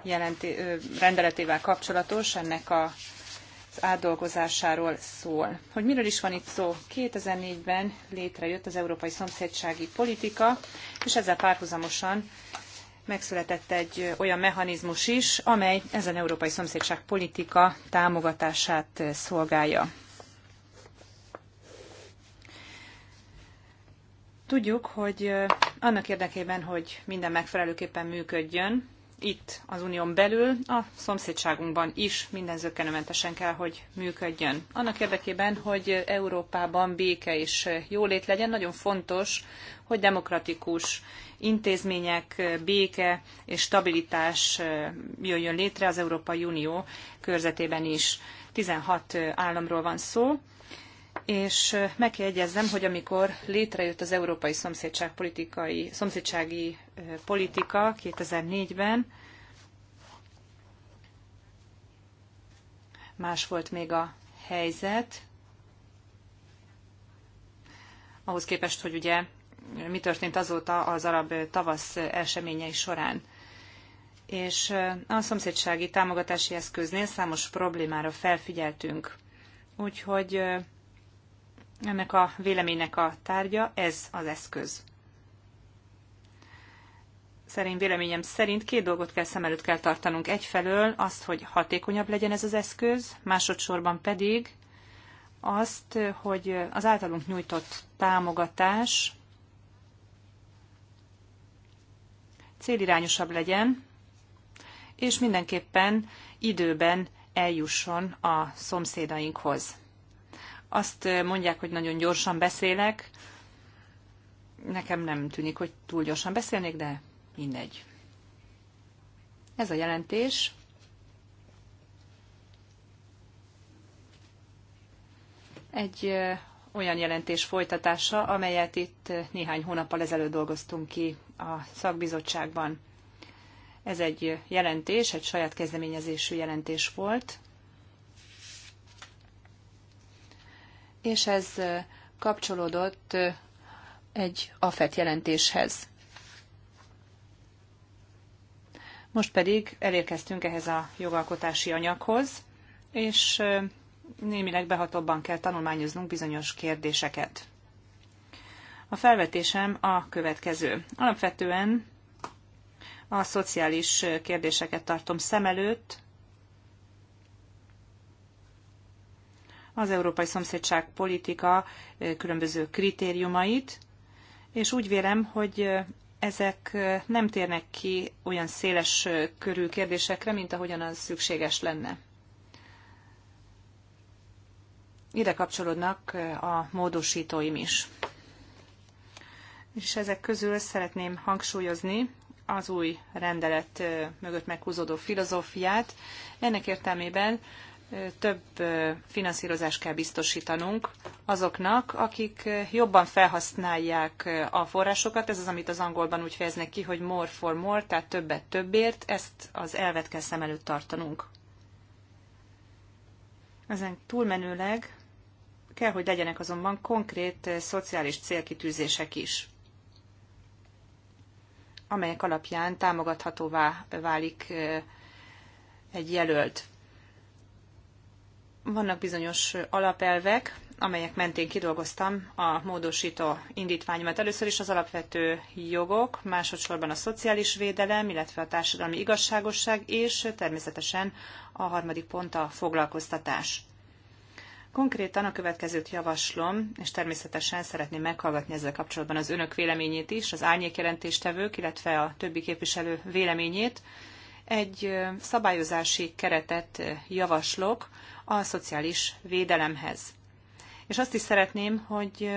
jelenti, rendeletével kapcsolatos, ennek a az átdolgozásáról szól. Hogy miről is van itt szó? 2004-ben létrejött az Európai Szomszédsági Politika, és ezzel párhuzamosan megszületett egy olyan mechanizmus is, amely ezen Európai Szomszédság Politika támogatását szolgálja. Tudjuk, hogy annak érdekében, hogy minden megfelelőképpen működjön, itt az unión belül, a szomszédságunkban is minden zökkenőmentesen kell, hogy működjön. Annak érdekében, hogy Európában béke és jólét legyen, nagyon fontos, hogy demokratikus intézmények, béke és stabilitás jöjjön létre az Európai Unió körzetében is. 16 államról van szó, és megjegyezzem, hogy amikor létrejött az európai politikai, szomszédsági politika 2004-ben, más volt még a helyzet, ahhoz képest, hogy ugye mi történt azóta az arab tavasz eseményei során. És a szomszédsági támogatási eszköznél számos problémára felfigyeltünk. Úgyhogy ennek a véleménynek a tárgya, ez az eszköz. Szerint véleményem szerint két dolgot kell szem előtt kell tartanunk. Egyfelől azt, hogy hatékonyabb legyen ez az eszköz, másodszorban pedig azt, hogy az általunk nyújtott támogatás célirányosabb legyen, és mindenképpen időben eljusson a szomszédainkhoz. Azt mondják, hogy nagyon gyorsan beszélek. Nekem nem tűnik, hogy túl gyorsan beszélnék, de mindegy. Ez a jelentés. Egy olyan jelentés folytatása, amelyet itt néhány hónappal ezelőtt dolgoztunk ki a szakbizottságban. Ez egy jelentés, egy saját kezdeményezésű jelentés volt, és ez kapcsolódott egy AFET jelentéshez. Most pedig elérkeztünk ehhez a jogalkotási anyaghoz, és némileg behatóbban kell tanulmányoznunk bizonyos kérdéseket. A felvetésem a következő. Alapvetően a szociális kérdéseket tartom szem előtt, az európai szomszédság politika különböző kritériumait, és úgy vélem, hogy ezek nem térnek ki olyan széles körű kérdésekre, mint ahogyan az szükséges lenne. Ide kapcsolódnak a módosítóim is. És ezek közül szeretném hangsúlyozni az új rendelet mögött meghúzódó filozófiát. Ennek értelmében több finanszírozást kell biztosítanunk azoknak, akik jobban felhasználják a forrásokat. Ez az, amit az angolban úgy fejeznek ki, hogy more for more, tehát többet többért. Ezt az elvet kell szem előtt tartanunk. Ezen túlmenőleg kell, hogy legyenek azonban konkrét szociális célkitűzések is amelyek alapján támogathatóvá válik egy jelölt. Vannak bizonyos alapelvek, amelyek mentén kidolgoztam a módosító indítványomat. Először is az alapvető jogok, másodszorban a szociális védelem, illetve a társadalmi igazságosság, és természetesen a harmadik pont a foglalkoztatás. Konkrétan a következőt javaslom, és természetesen szeretném meghallgatni ezzel kapcsolatban az önök véleményét is, az árnyékjelentéstevők, illetve a többi képviselő véleményét. Egy szabályozási keretet javaslok, a szociális védelemhez. És azt is szeretném, hogy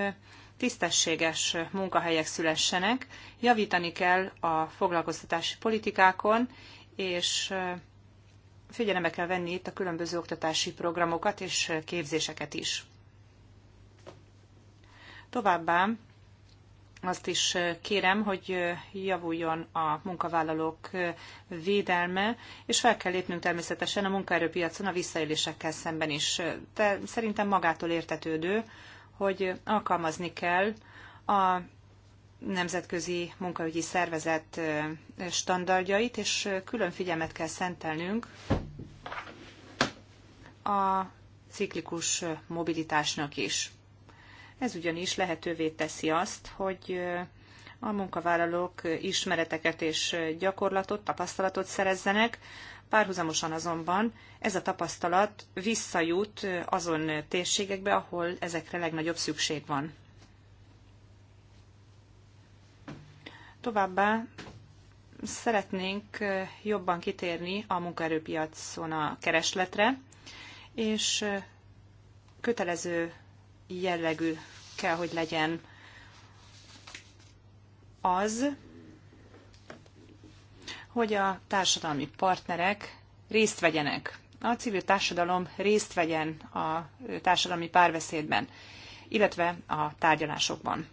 tisztességes munkahelyek szülessenek, javítani kell a foglalkoztatási politikákon, és figyelembe kell venni itt a különböző oktatási programokat és képzéseket is. Továbbá azt is kérem, hogy javuljon a munkavállalók védelme, és fel kell lépnünk természetesen a munkaerőpiacon a visszaélésekkel szemben is. De szerintem magától értetődő, hogy alkalmazni kell a nemzetközi munkaügyi szervezet standardjait, és külön figyelmet kell szentelnünk a ciklikus mobilitásnak is. Ez ugyanis lehetővé teszi azt, hogy a munkavállalók ismereteket és gyakorlatot, tapasztalatot szerezzenek, párhuzamosan azonban ez a tapasztalat visszajut azon térségekbe, ahol ezekre legnagyobb szükség van. Továbbá szeretnénk jobban kitérni a munkaerőpiacon a keresletre, és kötelező jellegű kell, hogy legyen az, hogy a társadalmi partnerek részt vegyenek, a civil társadalom részt vegyen a társadalmi párbeszédben, illetve a tárgyalásokban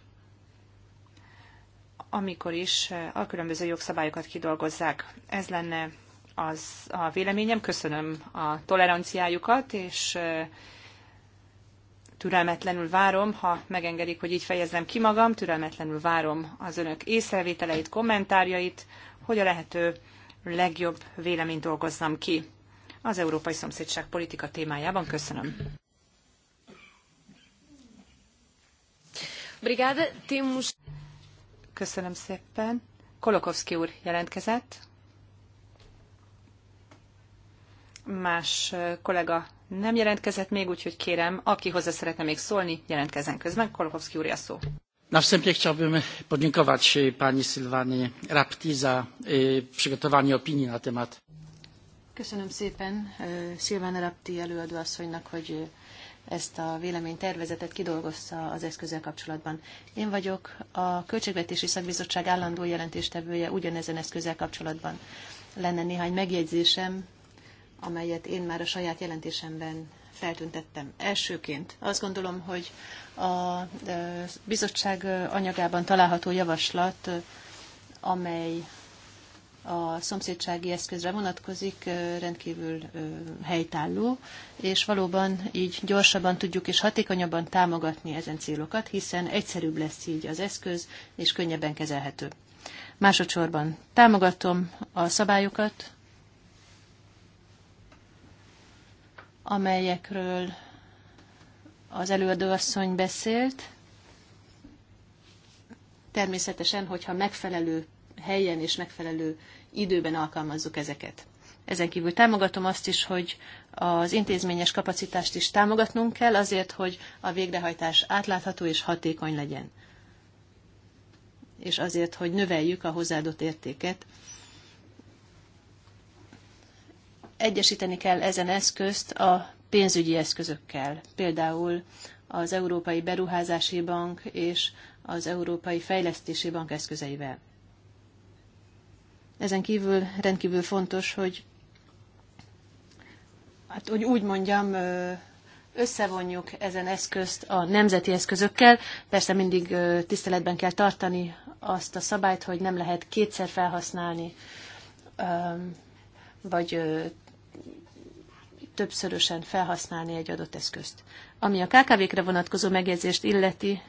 amikor is a különböző jogszabályokat kidolgozzák. Ez lenne az a véleményem. Köszönöm a toleranciájukat, és türelmetlenül várom, ha megengedik, hogy így fejezzem ki magam, türelmetlenül várom az önök észrevételeit, kommentárjait, hogy a lehető legjobb véleményt dolgozzam ki az európai szomszédság politika témájában. Köszönöm. Brigáda, Timus. Köszönöm szépen. Kolokovszki úr jelentkezett. Más kollega nem jelentkezett még, úgyhogy kérem, aki hozzá szeretne még szólni, jelentkezzen közben. Kolokowski úr, a szó. Na wstępie chciałbym podziękować e, pani Sylwanie Rapti za e, przygotowanie opinii na temat.
Köszönöm szépen e, Szilván Rapti előadóasszonynak, hogy ezt a véleménytervezetet kidolgozta az eszközzel kapcsolatban. Én vagyok a Költségvetési Szakbizottság állandó jelentéstevője ugyanezen eszközzel kapcsolatban. Lenne néhány megjegyzésem amelyet én már a saját jelentésemben feltüntettem. Elsőként azt gondolom, hogy a bizottság anyagában található javaslat, amely a szomszédsági eszközre vonatkozik, rendkívül helytálló, és valóban így gyorsabban tudjuk és hatékonyabban támogatni ezen célokat, hiszen egyszerűbb lesz így az eszköz, és könnyebben kezelhető. Másodszorban támogatom a szabályokat, amelyekről az előadóasszony beszélt. Természetesen, hogyha megfelelő helyen és megfelelő időben alkalmazzuk ezeket. Ezen kívül támogatom azt is, hogy az intézményes kapacitást is támogatnunk kell azért, hogy a végrehajtás átlátható és hatékony legyen. És azért, hogy növeljük a hozzáadott értéket egyesíteni kell ezen eszközt a pénzügyi eszközökkel, például az Európai Beruházási Bank és az Európai Fejlesztési Bank eszközeivel. Ezen kívül rendkívül fontos, hogy, hát, hogy úgy mondjam, összevonjuk ezen eszközt a nemzeti eszközökkel. Persze mindig tiszteletben kell tartani azt a szabályt, hogy nem lehet kétszer felhasználni, vagy többszörösen felhasználni egy adott eszközt. Ami a KKV-kre vonatkozó megjegyzést illeti,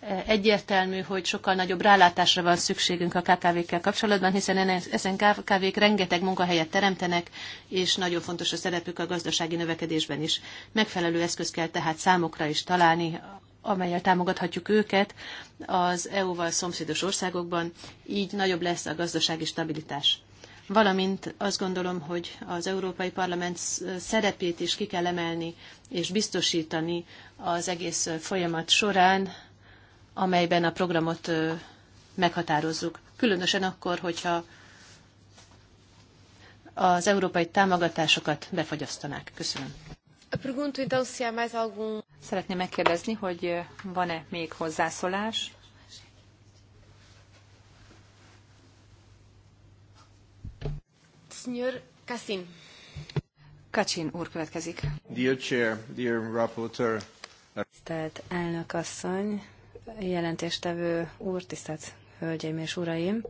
e, egyértelmű, hogy sokkal nagyobb rálátásra van szükségünk a KKV-kkel kapcsolatban, hiszen ezen KKV-k rengeteg munkahelyet teremtenek, és nagyon fontos a szerepük a gazdasági növekedésben is. Megfelelő eszköz kell tehát számokra is találni, amelyel támogathatjuk őket az EU-val szomszédos országokban, így nagyobb lesz a gazdasági stabilitás valamint azt gondolom, hogy az Európai Parlament szerepét is ki kell emelni és biztosítani az egész folyamat során, amelyben a programot meghatározzuk. Különösen akkor, hogyha az európai támogatásokat befagyasztanák. Köszönöm. Szeretném megkérdezni,
hogy van-e még hozzászólás? Sr. Kassin. Kacsin úr következik.
Dear Chair, dear Rapporteur. Tisztelt elnök asszony, jelentéstevő úr, tisztelt hölgyeim és uraim.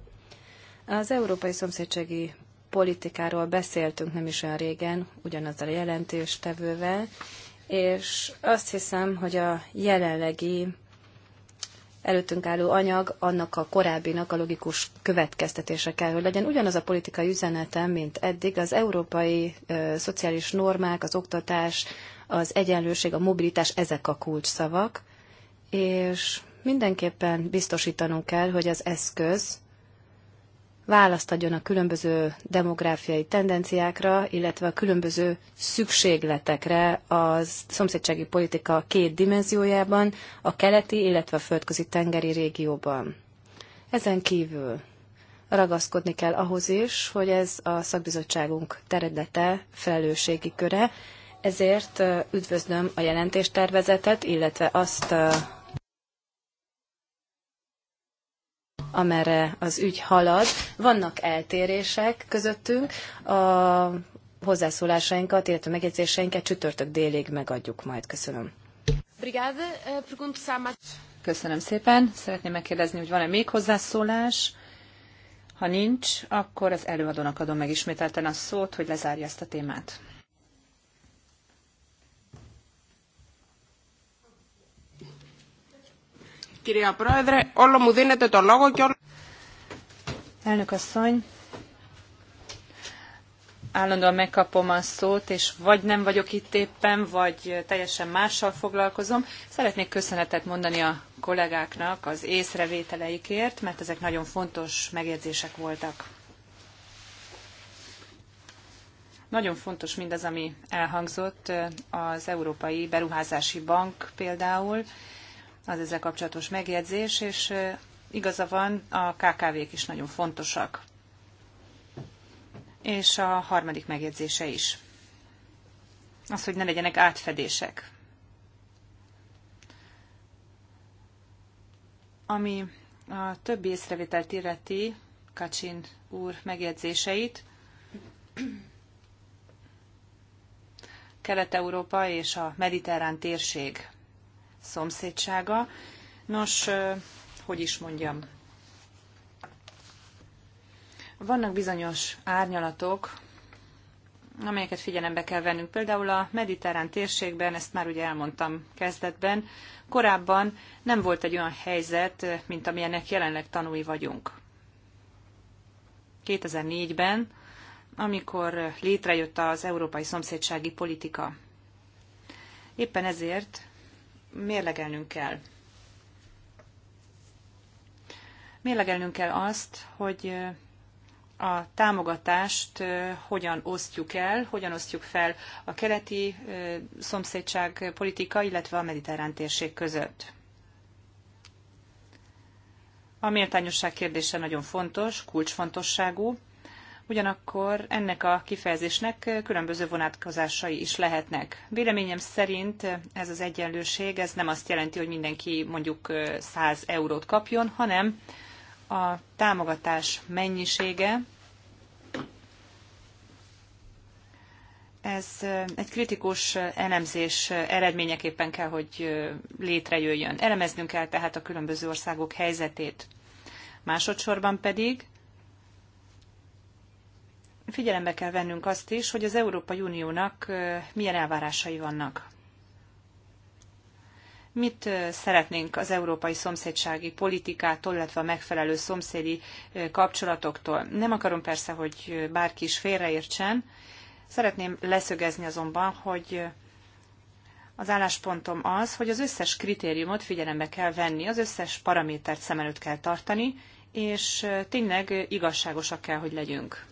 Az európai szomszédsági politikáról beszéltünk nem is olyan régen, ugyanazzal a jelentéstevővel, és azt hiszem, hogy a jelenlegi előttünk álló anyag annak a korábbinak a logikus következtetése kell, hogy legyen ugyanaz a politikai üzenete, mint eddig. Az európai ö, szociális normák, az oktatás, az egyenlőség, a mobilitás, ezek a kulcsszavak, és mindenképpen biztosítanunk kell, hogy az eszköz, választ adjon a különböző demográfiai tendenciákra, illetve a különböző szükségletekre a szomszédsági politika két dimenziójában, a keleti, illetve a földközi tengeri régióban. Ezen kívül ragaszkodni kell ahhoz is, hogy ez a szakbizottságunk teredete, felelősségi köre, ezért üdvözlöm a jelentéstervezetet, illetve azt amerre az ügy halad. Vannak eltérések közöttünk, a hozzászólásainkat, illetve megjegyzéseinket csütörtök délig megadjuk majd. Köszönöm.
Eh,
Köszönöm szépen. Szeretném megkérdezni, hogy van-e még hozzászólás? Ha nincs, akkor az előadónak adom meg ismételten a szót, hogy lezárja ezt a
témát. κυρία Πρόεδρε. Όλο μου δίνετε το λόγο και όλο...
Elnök asszony, állandóan megkapom a szót, és vagy nem vagyok itt éppen, vagy teljesen mással foglalkozom. Szeretnék köszönetet mondani a kollégáknak az észrevételeikért, mert ezek nagyon fontos megjegyzések voltak. Nagyon fontos mindaz, ami elhangzott az Európai Beruházási Bank például, az ezzel kapcsolatos megjegyzés, és igaza van, a KKV-k is nagyon fontosak. És a harmadik megjegyzése is. Az, hogy ne legyenek átfedések. Ami a többi észrevételt illeti, Kacsin úr megjegyzéseit, Kelet-Európa és a mediterrán térség szomszédsága. Nos, hogy is mondjam, vannak bizonyos árnyalatok, amelyeket figyelembe kell vennünk. Például a mediterrán térségben, ezt már ugye elmondtam kezdetben, korábban nem volt egy olyan helyzet, mint amilyennek jelenleg tanúi vagyunk. 2004-ben, amikor létrejött az európai szomszédsági politika. Éppen ezért mérlegelnünk kell. Mérlegelnünk kell azt, hogy a támogatást hogyan osztjuk el, hogyan osztjuk fel a keleti szomszédság politika, illetve a mediterrán térség között. A méltányosság kérdése nagyon fontos, kulcsfontosságú, ugyanakkor ennek a kifejezésnek különböző vonatkozásai is lehetnek. Véleményem szerint ez az egyenlőség, ez nem azt jelenti, hogy mindenki mondjuk 100 eurót kapjon, hanem a támogatás mennyisége, ez egy kritikus elemzés eredményeképpen kell, hogy létrejöjjön. Elemeznünk kell tehát a különböző országok helyzetét. Másodszorban pedig figyelembe kell vennünk azt is, hogy az Európai Uniónak milyen elvárásai vannak. Mit szeretnénk az európai szomszédsági politikától, illetve a megfelelő szomszédi kapcsolatoktól? Nem akarom persze, hogy bárki is félreértsen. Szeretném leszögezni azonban, hogy az álláspontom az, hogy az összes kritériumot figyelembe kell venni, az összes paramétert szem előtt kell tartani, és tényleg igazságosak kell, hogy legyünk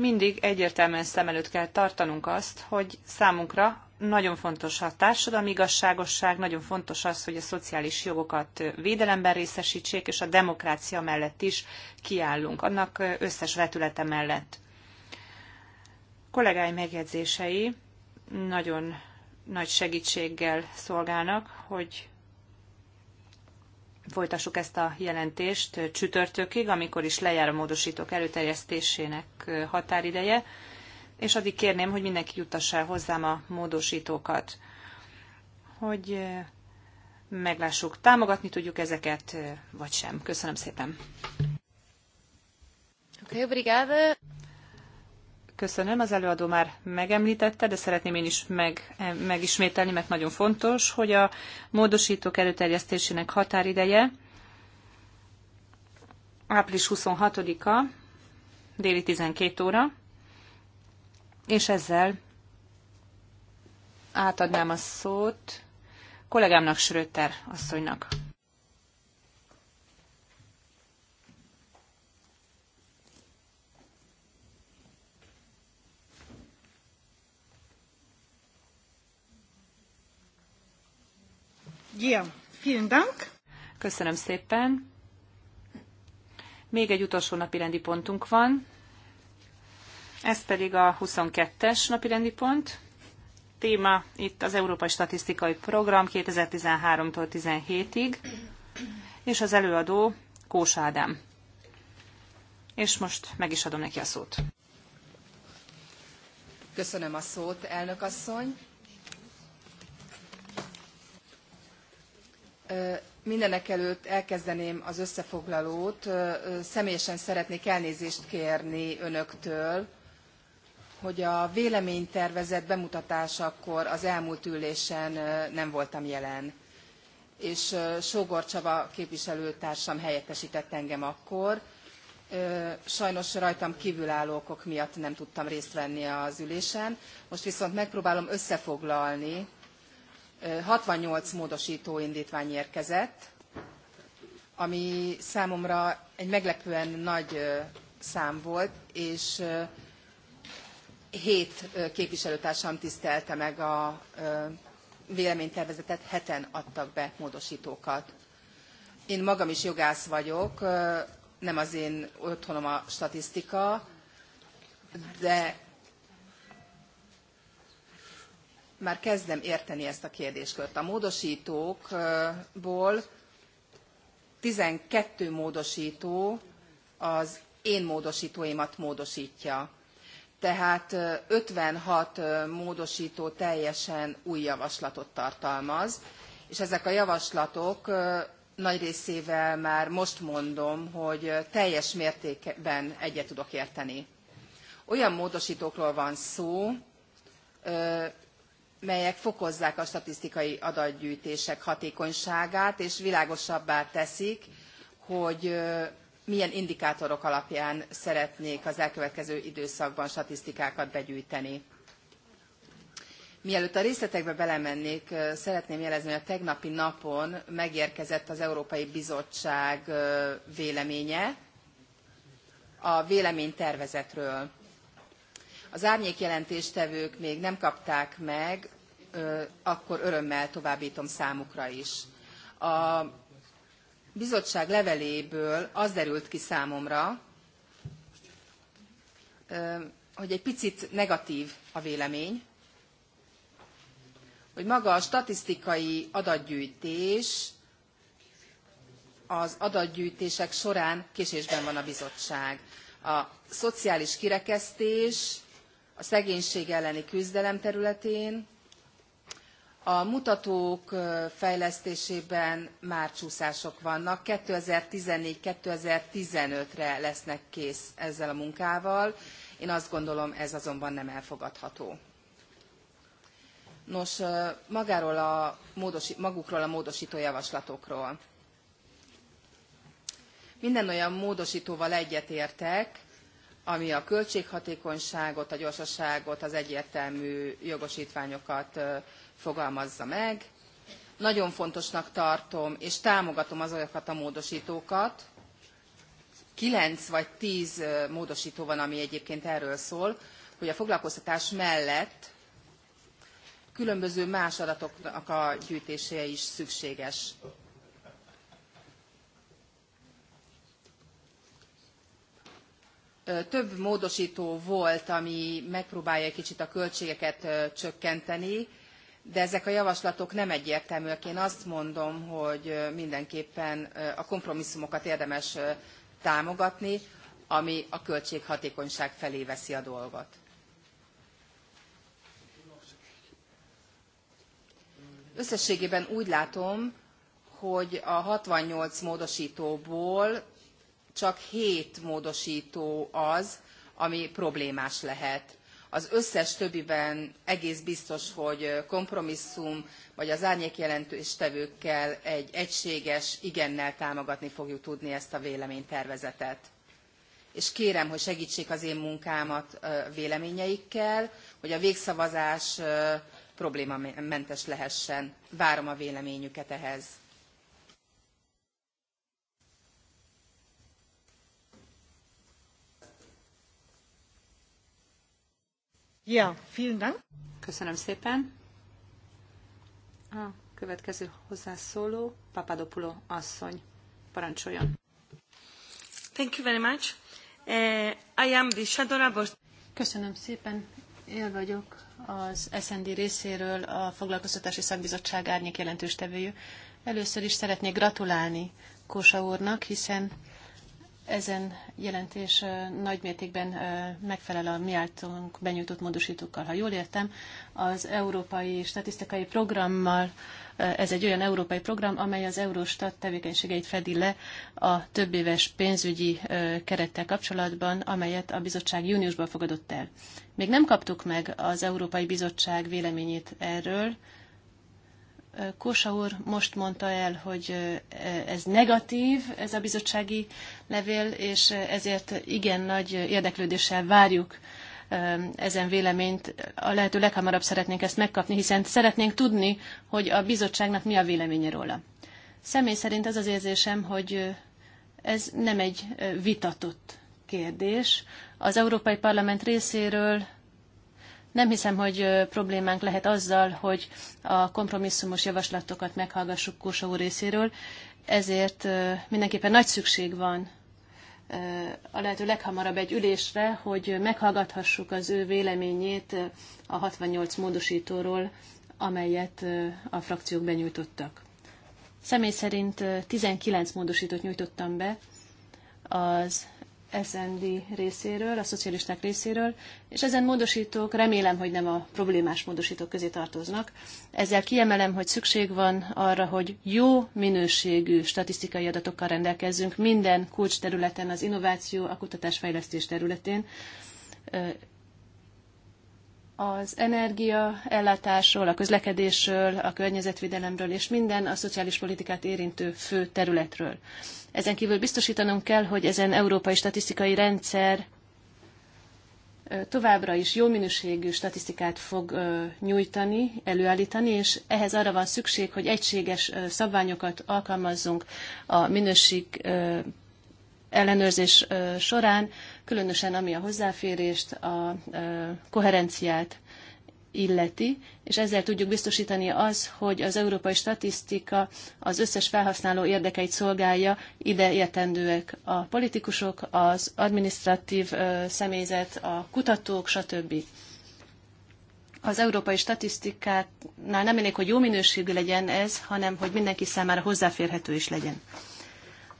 mindig egyértelműen szem előtt kell tartanunk azt, hogy számunkra nagyon fontos a társadalmi igazságosság, nagyon fontos az, hogy a szociális jogokat védelemben részesítsék, és a demokrácia mellett is kiállunk, annak összes vetülete mellett. kollégáim megjegyzései nagyon nagy segítséggel szolgálnak, hogy folytassuk ezt a jelentést csütörtökig, amikor is lejár a módosítók előterjesztésének határideje, és addig kérném, hogy mindenki juttassa el hozzám a módosítókat, hogy meglássuk, támogatni tudjuk ezeket, vagy sem. Köszönöm szépen. Okay, Köszönöm, az előadó már megemlítette, de szeretném én is meg, megismételni, mert nagyon fontos, hogy a módosítók előterjesztésének határideje április 26-a, déli 12 óra, és ezzel átadnám a szót kollégámnak, Schröter asszonynak. Ja, vielen Dank. Köszönöm szépen. Még egy utolsó napirendi pontunk van. Ez pedig a 22-es napirendi pont. Téma itt az Európai Statisztikai Program 2013-tól 17-ig, és az előadó Kós Ádám. És most meg is adom neki a szót.
Köszönöm a szót, elnök asszony. Mindenekelőtt elkezdeném az összefoglalót. Személyesen szeretnék elnézést kérni önöktől, hogy a véleménytervezet bemutatásakor az elmúlt ülésen nem voltam jelen. És Sógor Csaba képviselőtársam helyettesített engem akkor. Sajnos rajtam kívülálló okok miatt nem tudtam részt venni az ülésen. Most viszont megpróbálom összefoglalni 68 módosító indítvány érkezett, ami számomra egy meglepően nagy szám volt, és hét képviselőtársam tisztelte meg a véleménytervezetet, heten adtak be módosítókat. Én magam is jogász vagyok, nem az én otthonom a statisztika, de már kezdem érteni ezt a kérdéskört. A módosítókból 12 módosító az én módosítóimat módosítja. Tehát 56 módosító teljesen új javaslatot tartalmaz, és ezek a javaslatok nagy részével már most mondom, hogy teljes mértékben egyet tudok érteni. Olyan módosítókról van szó, melyek fokozzák a statisztikai adatgyűjtések hatékonyságát, és világosabbá teszik, hogy milyen indikátorok alapján szeretnék az elkövetkező időszakban statisztikákat begyűjteni. Mielőtt a részletekbe belemennék, szeretném jelezni, hogy a tegnapi napon megérkezett az Európai Bizottság véleménye a véleménytervezetről az árnyékjelentéstevők még nem kapták meg, akkor örömmel továbbítom számukra is. A bizottság leveléből az derült ki számomra, hogy egy picit negatív a vélemény, hogy maga a statisztikai adatgyűjtés az adatgyűjtések során késésben van a bizottság. A szociális kirekesztés a szegénység elleni küzdelem területén. A mutatók fejlesztésében már csúszások vannak, 2014-2015-re lesznek kész ezzel a munkával. Én azt gondolom, ez azonban nem elfogadható. Nos, magáról a módosi, magukról a módosító javaslatokról. Minden olyan módosítóval egyetértek, ami a költséghatékonyságot, a gyorsaságot, az egyértelmű jogosítványokat fogalmazza meg. Nagyon fontosnak tartom, és támogatom azokat a módosítókat, kilenc vagy tíz módosító van, ami egyébként erről szól, hogy a foglalkoztatás mellett különböző más adatoknak a gyűjtése is szükséges. több módosító volt, ami megpróbálja egy kicsit a költségeket csökkenteni, de ezek a javaslatok nem egyértelműek. Én azt mondom, hogy mindenképpen a kompromisszumokat érdemes támogatni, ami a költséghatékonyság felé veszi a dolgot. Összességében úgy látom, hogy a 68 módosítóból csak hét módosító az, ami problémás lehet. Az összes többiben egész biztos, hogy kompromisszum, vagy az árnyék jelentőstevőkkel egy egységes igennel támogatni fogjuk tudni ezt a véleménytervezetet. És kérem, hogy segítsék az én munkámat véleményeikkel, hogy a végszavazás problémamentes lehessen. Várom a véleményüket ehhez.
Ja, vielen Dank. Köszönöm szépen. A következő hozzászóló Papadopulo asszony. Parancsoljon.
Thank you very much. Uh, I am the shadow rapporteur. Köszönöm szépen. Én vagyok az SND részéről a Foglalkoztatási Szakbizottság árnyék jelentős tevőjű. Először is szeretnék gratulálni Kósa úrnak, hiszen ezen jelentés nagy mértékben megfelel a mi általunk benyújtott módosítókkal. Ha jól értem, az Európai Statisztikai Programmal, ez egy olyan európai program, amely az Eurostat tevékenységeit fedi le a több éves pénzügyi kerettel kapcsolatban, amelyet a bizottság júniusban fogadott el. Még nem kaptuk meg az Európai Bizottság véleményét erről, Kósa úr most mondta el, hogy ez negatív, ez a bizottsági levél, és ezért igen nagy érdeklődéssel várjuk ezen véleményt. A lehető leghamarabb szeretnénk ezt megkapni, hiszen szeretnénk tudni, hogy a bizottságnak mi a véleménye róla. Személy szerint az az érzésem, hogy ez nem egy vitatott kérdés. Az Európai Parlament részéről nem hiszem, hogy problémánk lehet azzal, hogy a kompromisszumos javaslatokat meghallgassuk Kósa úr részéről, ezért mindenképpen nagy szükség van a lehető leghamarabb egy ülésre, hogy meghallgathassuk az ő véleményét a 68 módosítóról, amelyet a frakciók benyújtottak. Személy szerint 19 módosítót nyújtottam be, az SND részéről, a szocialisták részéről, és ezen módosítók remélem, hogy nem a problémás módosítók közé tartoznak. Ezzel kiemelem, hogy szükség van arra, hogy jó minőségű statisztikai adatokkal rendelkezzünk minden kulcs területen, az innováció, a kutatásfejlesztés területén, az energia ellátásról, a közlekedésről, a környezetvédelemről és minden a szociális politikát érintő fő területről. Ezen kívül biztosítanunk kell, hogy ezen európai statisztikai rendszer továbbra is jó minőségű statisztikát fog nyújtani, előállítani, és ehhez arra van szükség, hogy egységes szabványokat alkalmazzunk a minőség ellenőrzés során, különösen ami a hozzáférést, a koherenciát illeti, és ezzel tudjuk biztosítani az, hogy az európai statisztika az összes felhasználó érdekeit szolgálja, ide értendőek a politikusok, az administratív személyzet, a kutatók, stb. Az európai statisztikánál nem elég, hogy jó minőségű legyen ez, hanem hogy mindenki számára hozzáférhető is legyen.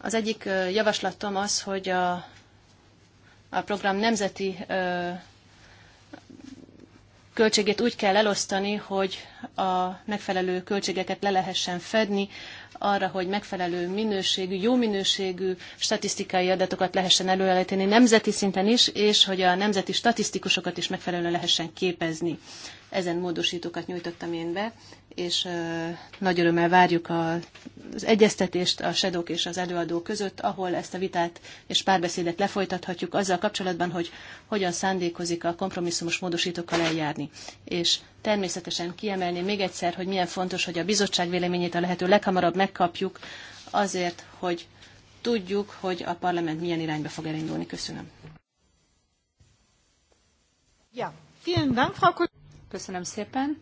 Az egyik javaslatom az, hogy a, a program nemzeti ö, költségét úgy kell elosztani, hogy a megfelelő költségeket le lehessen fedni, arra, hogy megfelelő minőségű, jó minőségű statisztikai adatokat lehessen előállítani nemzeti szinten is, és hogy a nemzeti statisztikusokat is megfelelően lehessen képezni. Ezen módosítókat nyújtottam én be, és nagy örömmel várjuk az egyeztetést a sedok és az előadó között, ahol ezt a vitát és párbeszédet lefolytathatjuk azzal kapcsolatban, hogy hogyan szándékozik a kompromisszumos módosítókkal eljárni. És természetesen kiemelném még egyszer, hogy milyen fontos, hogy a bizottság véleményét a lehető leghamarabb megkapjuk, azért, hogy tudjuk, hogy a parlament milyen irányba fog elindulni. Köszönöm.
Ja, vielen Dank, Frau Köszönöm szépen.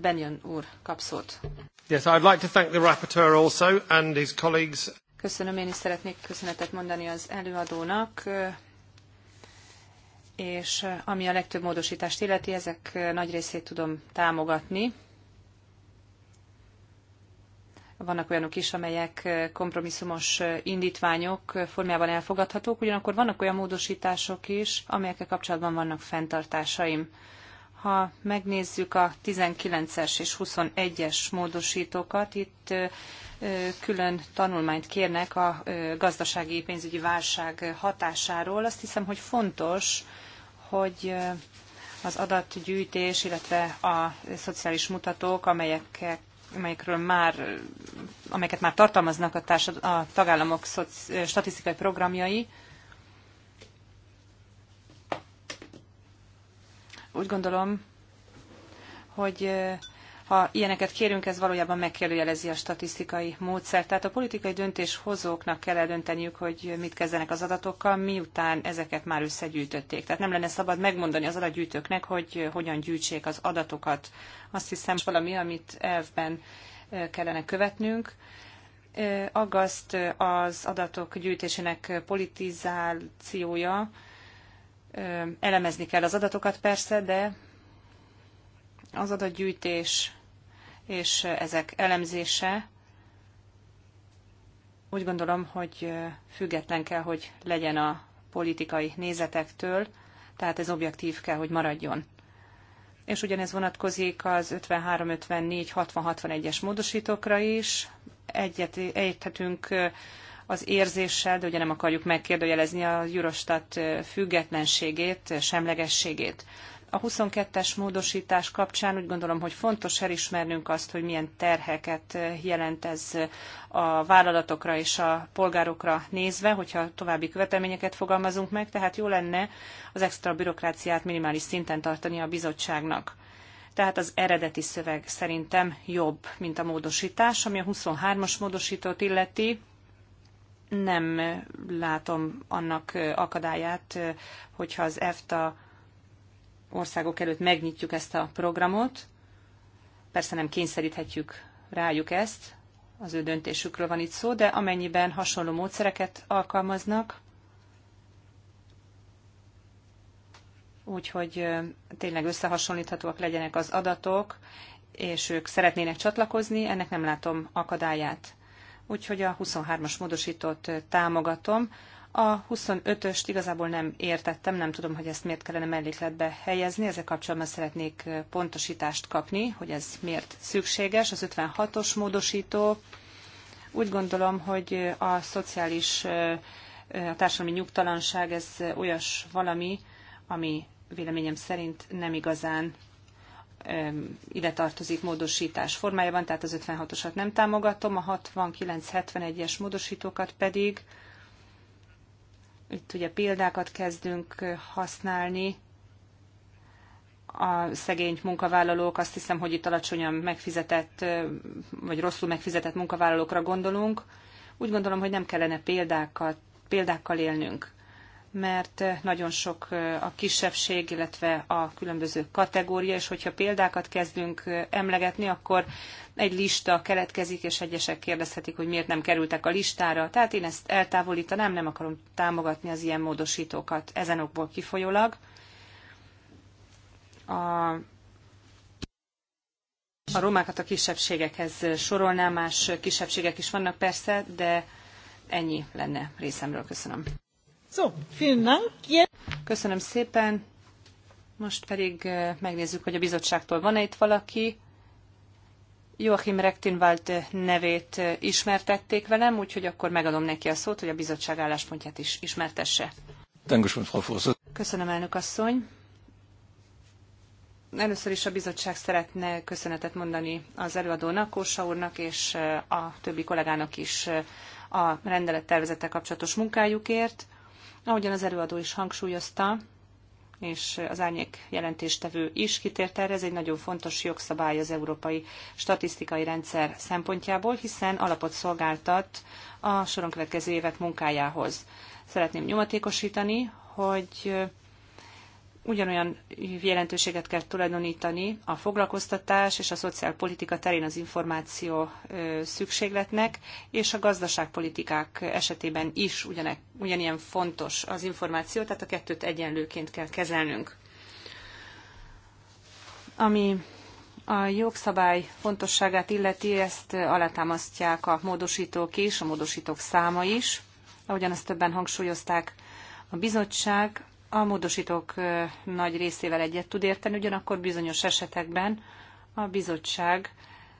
Benjön úr kap szót. Yes, I'd like to thank the rapporteur also and his colleagues. Köszönöm, én is szeretnék köszönetet mondani az előadónak, és ami a legtöbb módosítást illeti, ezek nagy részét tudom támogatni. Vannak olyanok is, amelyek kompromisszumos indítványok formájában elfogadhatók, ugyanakkor vannak olyan módosítások is, amelyekkel kapcsolatban vannak fenntartásaim. Ha megnézzük a 19-es és 21-es módosítókat, itt külön tanulmányt kérnek a gazdasági pénzügyi válság hatásáról. Azt hiszem, hogy fontos, hogy az adatgyűjtés, illetve a szociális mutatók, amelyek amelyekről már, amelyeket már tartalmaznak a, társad, a tagállamok szoci, statisztikai programjai, Úgy gondolom, hogy ha ilyeneket kérünk, ez valójában megkérdőjelezi a statisztikai módszert. Tehát a politikai döntéshozóknak kell eldönteniük, hogy mit kezdenek az adatokkal, miután ezeket már összegyűjtötték. Tehát nem lenne szabad megmondani az adatgyűjtőknek, hogy hogyan gyűjtsék az adatokat. Azt hiszem, valami, amit elvben kellene követnünk. Aggaszt az adatok gyűjtésének politizációja, elemezni kell az adatokat persze, de az adatgyűjtés és ezek elemzése úgy gondolom, hogy független kell, hogy legyen a politikai nézetektől, tehát ez objektív kell, hogy maradjon. És ugyanez vonatkozik az 53, 54, 60, 61-es módosítókra is. Egyet érthetünk az érzéssel, de ugye nem akarjuk megkérdőjelezni a Eurostat függetlenségét, semlegességét. A 22-es módosítás kapcsán úgy gondolom, hogy fontos elismernünk azt, hogy milyen terheket jelent ez a vállalatokra és a polgárokra nézve, hogyha további követelményeket fogalmazunk meg, tehát jó lenne az extra bürokráciát minimális szinten tartani a bizottságnak. Tehát az eredeti szöveg szerintem jobb, mint a módosítás, ami a 23-as módosítót illeti nem látom annak akadályát, hogyha az EFTA országok előtt megnyitjuk ezt a programot. Persze nem kényszeríthetjük rájuk ezt, az ő döntésükről van itt szó, de amennyiben hasonló módszereket alkalmaznak, úgyhogy tényleg összehasonlíthatóak legyenek az adatok, és ők szeretnének csatlakozni, ennek nem látom akadályát úgyhogy a 23-as módosítót támogatom. A 25-öst igazából nem értettem, nem tudom, hogy ezt miért kellene mellékletbe helyezni, ezzel kapcsolatban szeretnék pontosítást kapni, hogy ez miért szükséges. Az 56-os módosító úgy gondolom, hogy a szociális, a társadalmi nyugtalanság ez olyas valami, ami véleményem szerint nem igazán ide tartozik módosítás formájában, tehát az 56-osat nem támogatom, a 69-71-es módosítókat pedig, itt ugye példákat kezdünk használni, a szegény munkavállalók, azt hiszem, hogy itt alacsonyan megfizetett, vagy rosszul megfizetett munkavállalókra gondolunk. Úgy gondolom, hogy nem kellene példákat, példákkal élnünk mert nagyon sok a kisebbség, illetve a különböző kategória, és hogyha példákat kezdünk emlegetni, akkor egy lista keletkezik, és egyesek kérdezhetik, hogy miért nem kerültek a listára. Tehát én ezt eltávolítanám, nem akarom támogatni az ilyen módosítókat ezen okból kifolyólag. A a romákat a kisebbségekhez sorolnám, más kisebbségek is vannak persze, de ennyi lenne részemről. Köszönöm. So, vielen Dank. Köszönöm szépen. Most pedig eh, megnézzük, hogy a bizottságtól van-e itt valaki. Joachim Rektinwald eh, nevét eh, ismertették velem, úgyhogy akkor megadom neki a szót, hogy a bizottság álláspontját is ismertesse. Köszönöm, elnök asszony. Először is a bizottság szeretne köszönetet mondani az előadónak, Kósa úrnak és a többi kollégának is a rendelettervezettel kapcsolatos munkájukért. Ahogyan az előadó is hangsúlyozta, és az árnyék jelentéstevő is kitért erre, ez egy nagyon fontos jogszabály az európai statisztikai rendszer szempontjából, hiszen alapot szolgáltat a soron következő évek munkájához. Szeretném nyomatékosítani, hogy ugyanolyan jelentőséget kell tulajdonítani a foglalkoztatás és a szociálpolitika terén az információ szükségletnek, és a gazdaságpolitikák esetében is ugyanek, ugyanilyen fontos az információ, tehát a kettőt egyenlőként kell kezelnünk. Ami a jogszabály fontosságát illeti, ezt alátámasztják a módosítók is, a módosítók száma is. Ahogyan ezt többen hangsúlyozták, a bizottság a módosítók nagy részével egyet tud érteni, ugyanakkor bizonyos esetekben a bizottság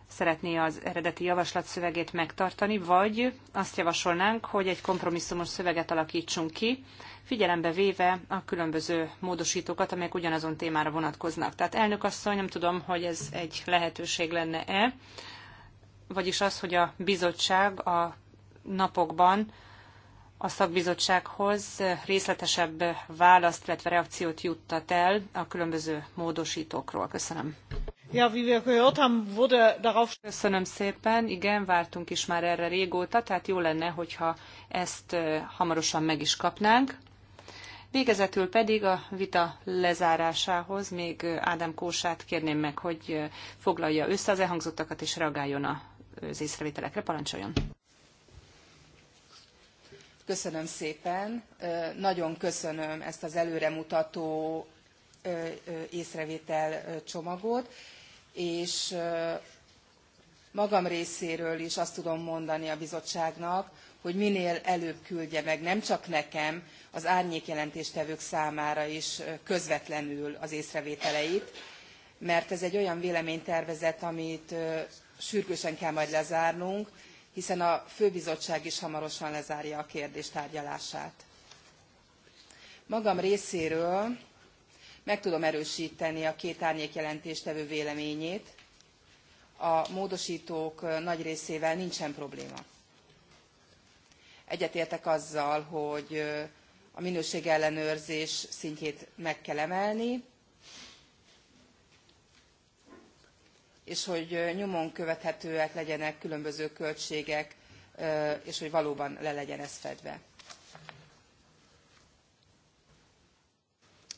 szeretné az eredeti javaslat szövegét megtartani, vagy azt javasolnánk, hogy egy kompromisszumos szöveget alakítsunk ki, figyelembe véve a különböző módosítókat, amelyek ugyanazon témára vonatkoznak. Tehát elnök asszony, nem tudom, hogy ez egy lehetőség lenne-e, vagyis az, hogy a bizottság a napokban a szakbizottsághoz részletesebb választ, illetve reakciót juttat el a különböző módosítókról. Köszönöm. Ja, wie wir gehört haben, wurde darauf... Köszönöm szépen, igen, vártunk is már erre régóta, tehát jó lenne, hogyha ezt hamarosan meg is kapnánk. Végezetül pedig a vita lezárásához még Ádám Kósát kérném meg, hogy foglalja össze az elhangzottakat és reagáljon az észrevételekre. Parancsoljon!
Köszönöm szépen, nagyon köszönöm ezt az előremutató észrevétel csomagot, és magam részéről is azt tudom mondani a bizottságnak, hogy minél előbb küldje meg nem csak nekem, az árnyékjelentéstevők számára is közvetlenül az észrevételeit, mert ez egy olyan véleménytervezet, amit sürgősen kell majd lezárnunk, hiszen a főbizottság is hamarosan lezárja a kérdés tárgyalását. Magam részéről meg tudom erősíteni a két árnyékjelentéstevő véleményét. A módosítók nagy részével nincsen probléma. Egyetértek azzal, hogy a minőségellenőrzés szintjét meg kell emelni, és hogy nyomon követhetőek legyenek különböző költségek, és hogy valóban le legyen ez fedve.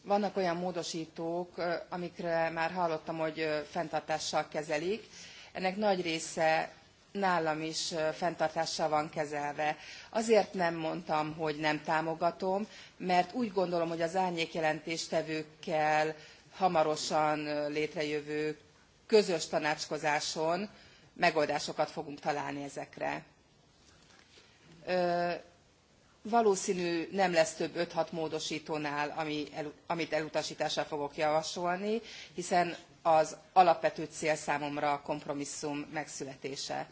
Vannak olyan módosítók, amikre már hallottam, hogy fenntartással kezelik. Ennek nagy része nálam is fenntartással van kezelve. Azért nem mondtam, hogy nem támogatom, mert úgy gondolom, hogy az árnyékjelentéstevőkkel hamarosan létrejövő közös tanácskozáson megoldásokat fogunk találni ezekre. Ö, valószínű nem lesz több 5-6 módosítónál, ami el, amit elutasításra fogok javasolni, hiszen az alapvető cél számomra a kompromisszum megszületése.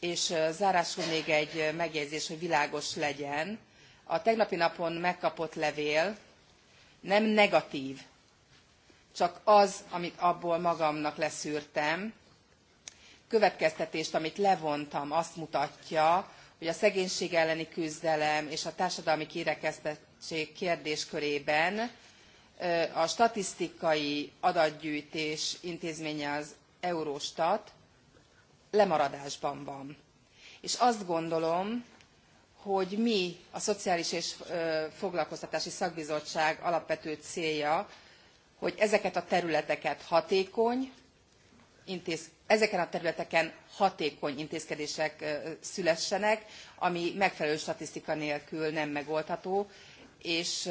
És zárásul még egy megjegyzés, hogy világos legyen. A tegnapi napon megkapott levél nem negatív csak az, amit abból magamnak leszűrtem, következtetést, amit levontam, azt mutatja, hogy a szegénység elleni küzdelem és a társadalmi kirekesztettség kérdéskörében a statisztikai adatgyűjtés intézménye az Eurostat lemaradásban van. És azt gondolom, hogy mi, a Szociális és Foglalkoztatási Szakbizottság alapvető célja, hogy ezeket a területeket hatékony, intéz, ezeken a területeken hatékony intézkedések szülessenek, ami megfelelő statisztika nélkül nem megoldható, és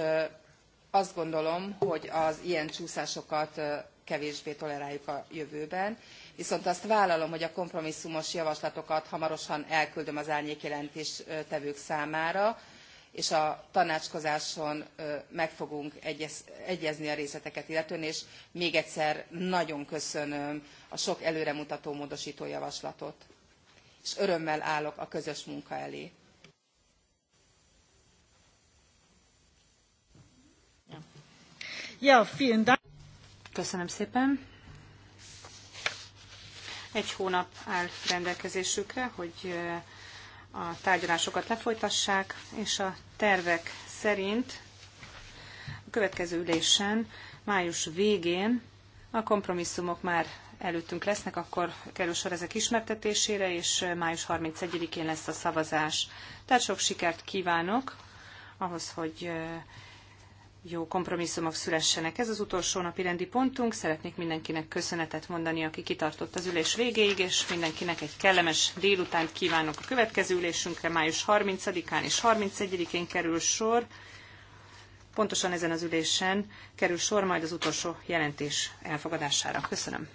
azt gondolom, hogy az ilyen csúszásokat kevésbé toleráljuk a jövőben. Viszont azt vállalom, hogy a kompromisszumos javaslatokat hamarosan elküldöm az árnyékjelentés tevők számára, és a tanácskozáson meg fogunk egyezni a részleteket illetően, és még egyszer nagyon köszönöm a sok előremutató módosító javaslatot, és örömmel állok a közös munka elé. Ja,
vielen Dank. Köszönöm szépen. Egy hónap áll rendelkezésükre, hogy a tárgyalásokat lefolytassák, és a tervek szerint a következő ülésen, május végén a kompromisszumok már előttünk lesznek, akkor kerül sor ezek ismertetésére, és május 31-én lesz a szavazás. Tehát sok sikert kívánok ahhoz, hogy jó kompromisszumok szülessenek. Ez az utolsó napi rendi pontunk. Szeretnék mindenkinek köszönetet mondani, aki kitartott az ülés végéig, és mindenkinek egy kellemes délutánt kívánok a következő ülésünkre. Május 30-án és 31-én kerül sor. Pontosan ezen az ülésen kerül sor majd az utolsó jelentés elfogadására. Köszönöm.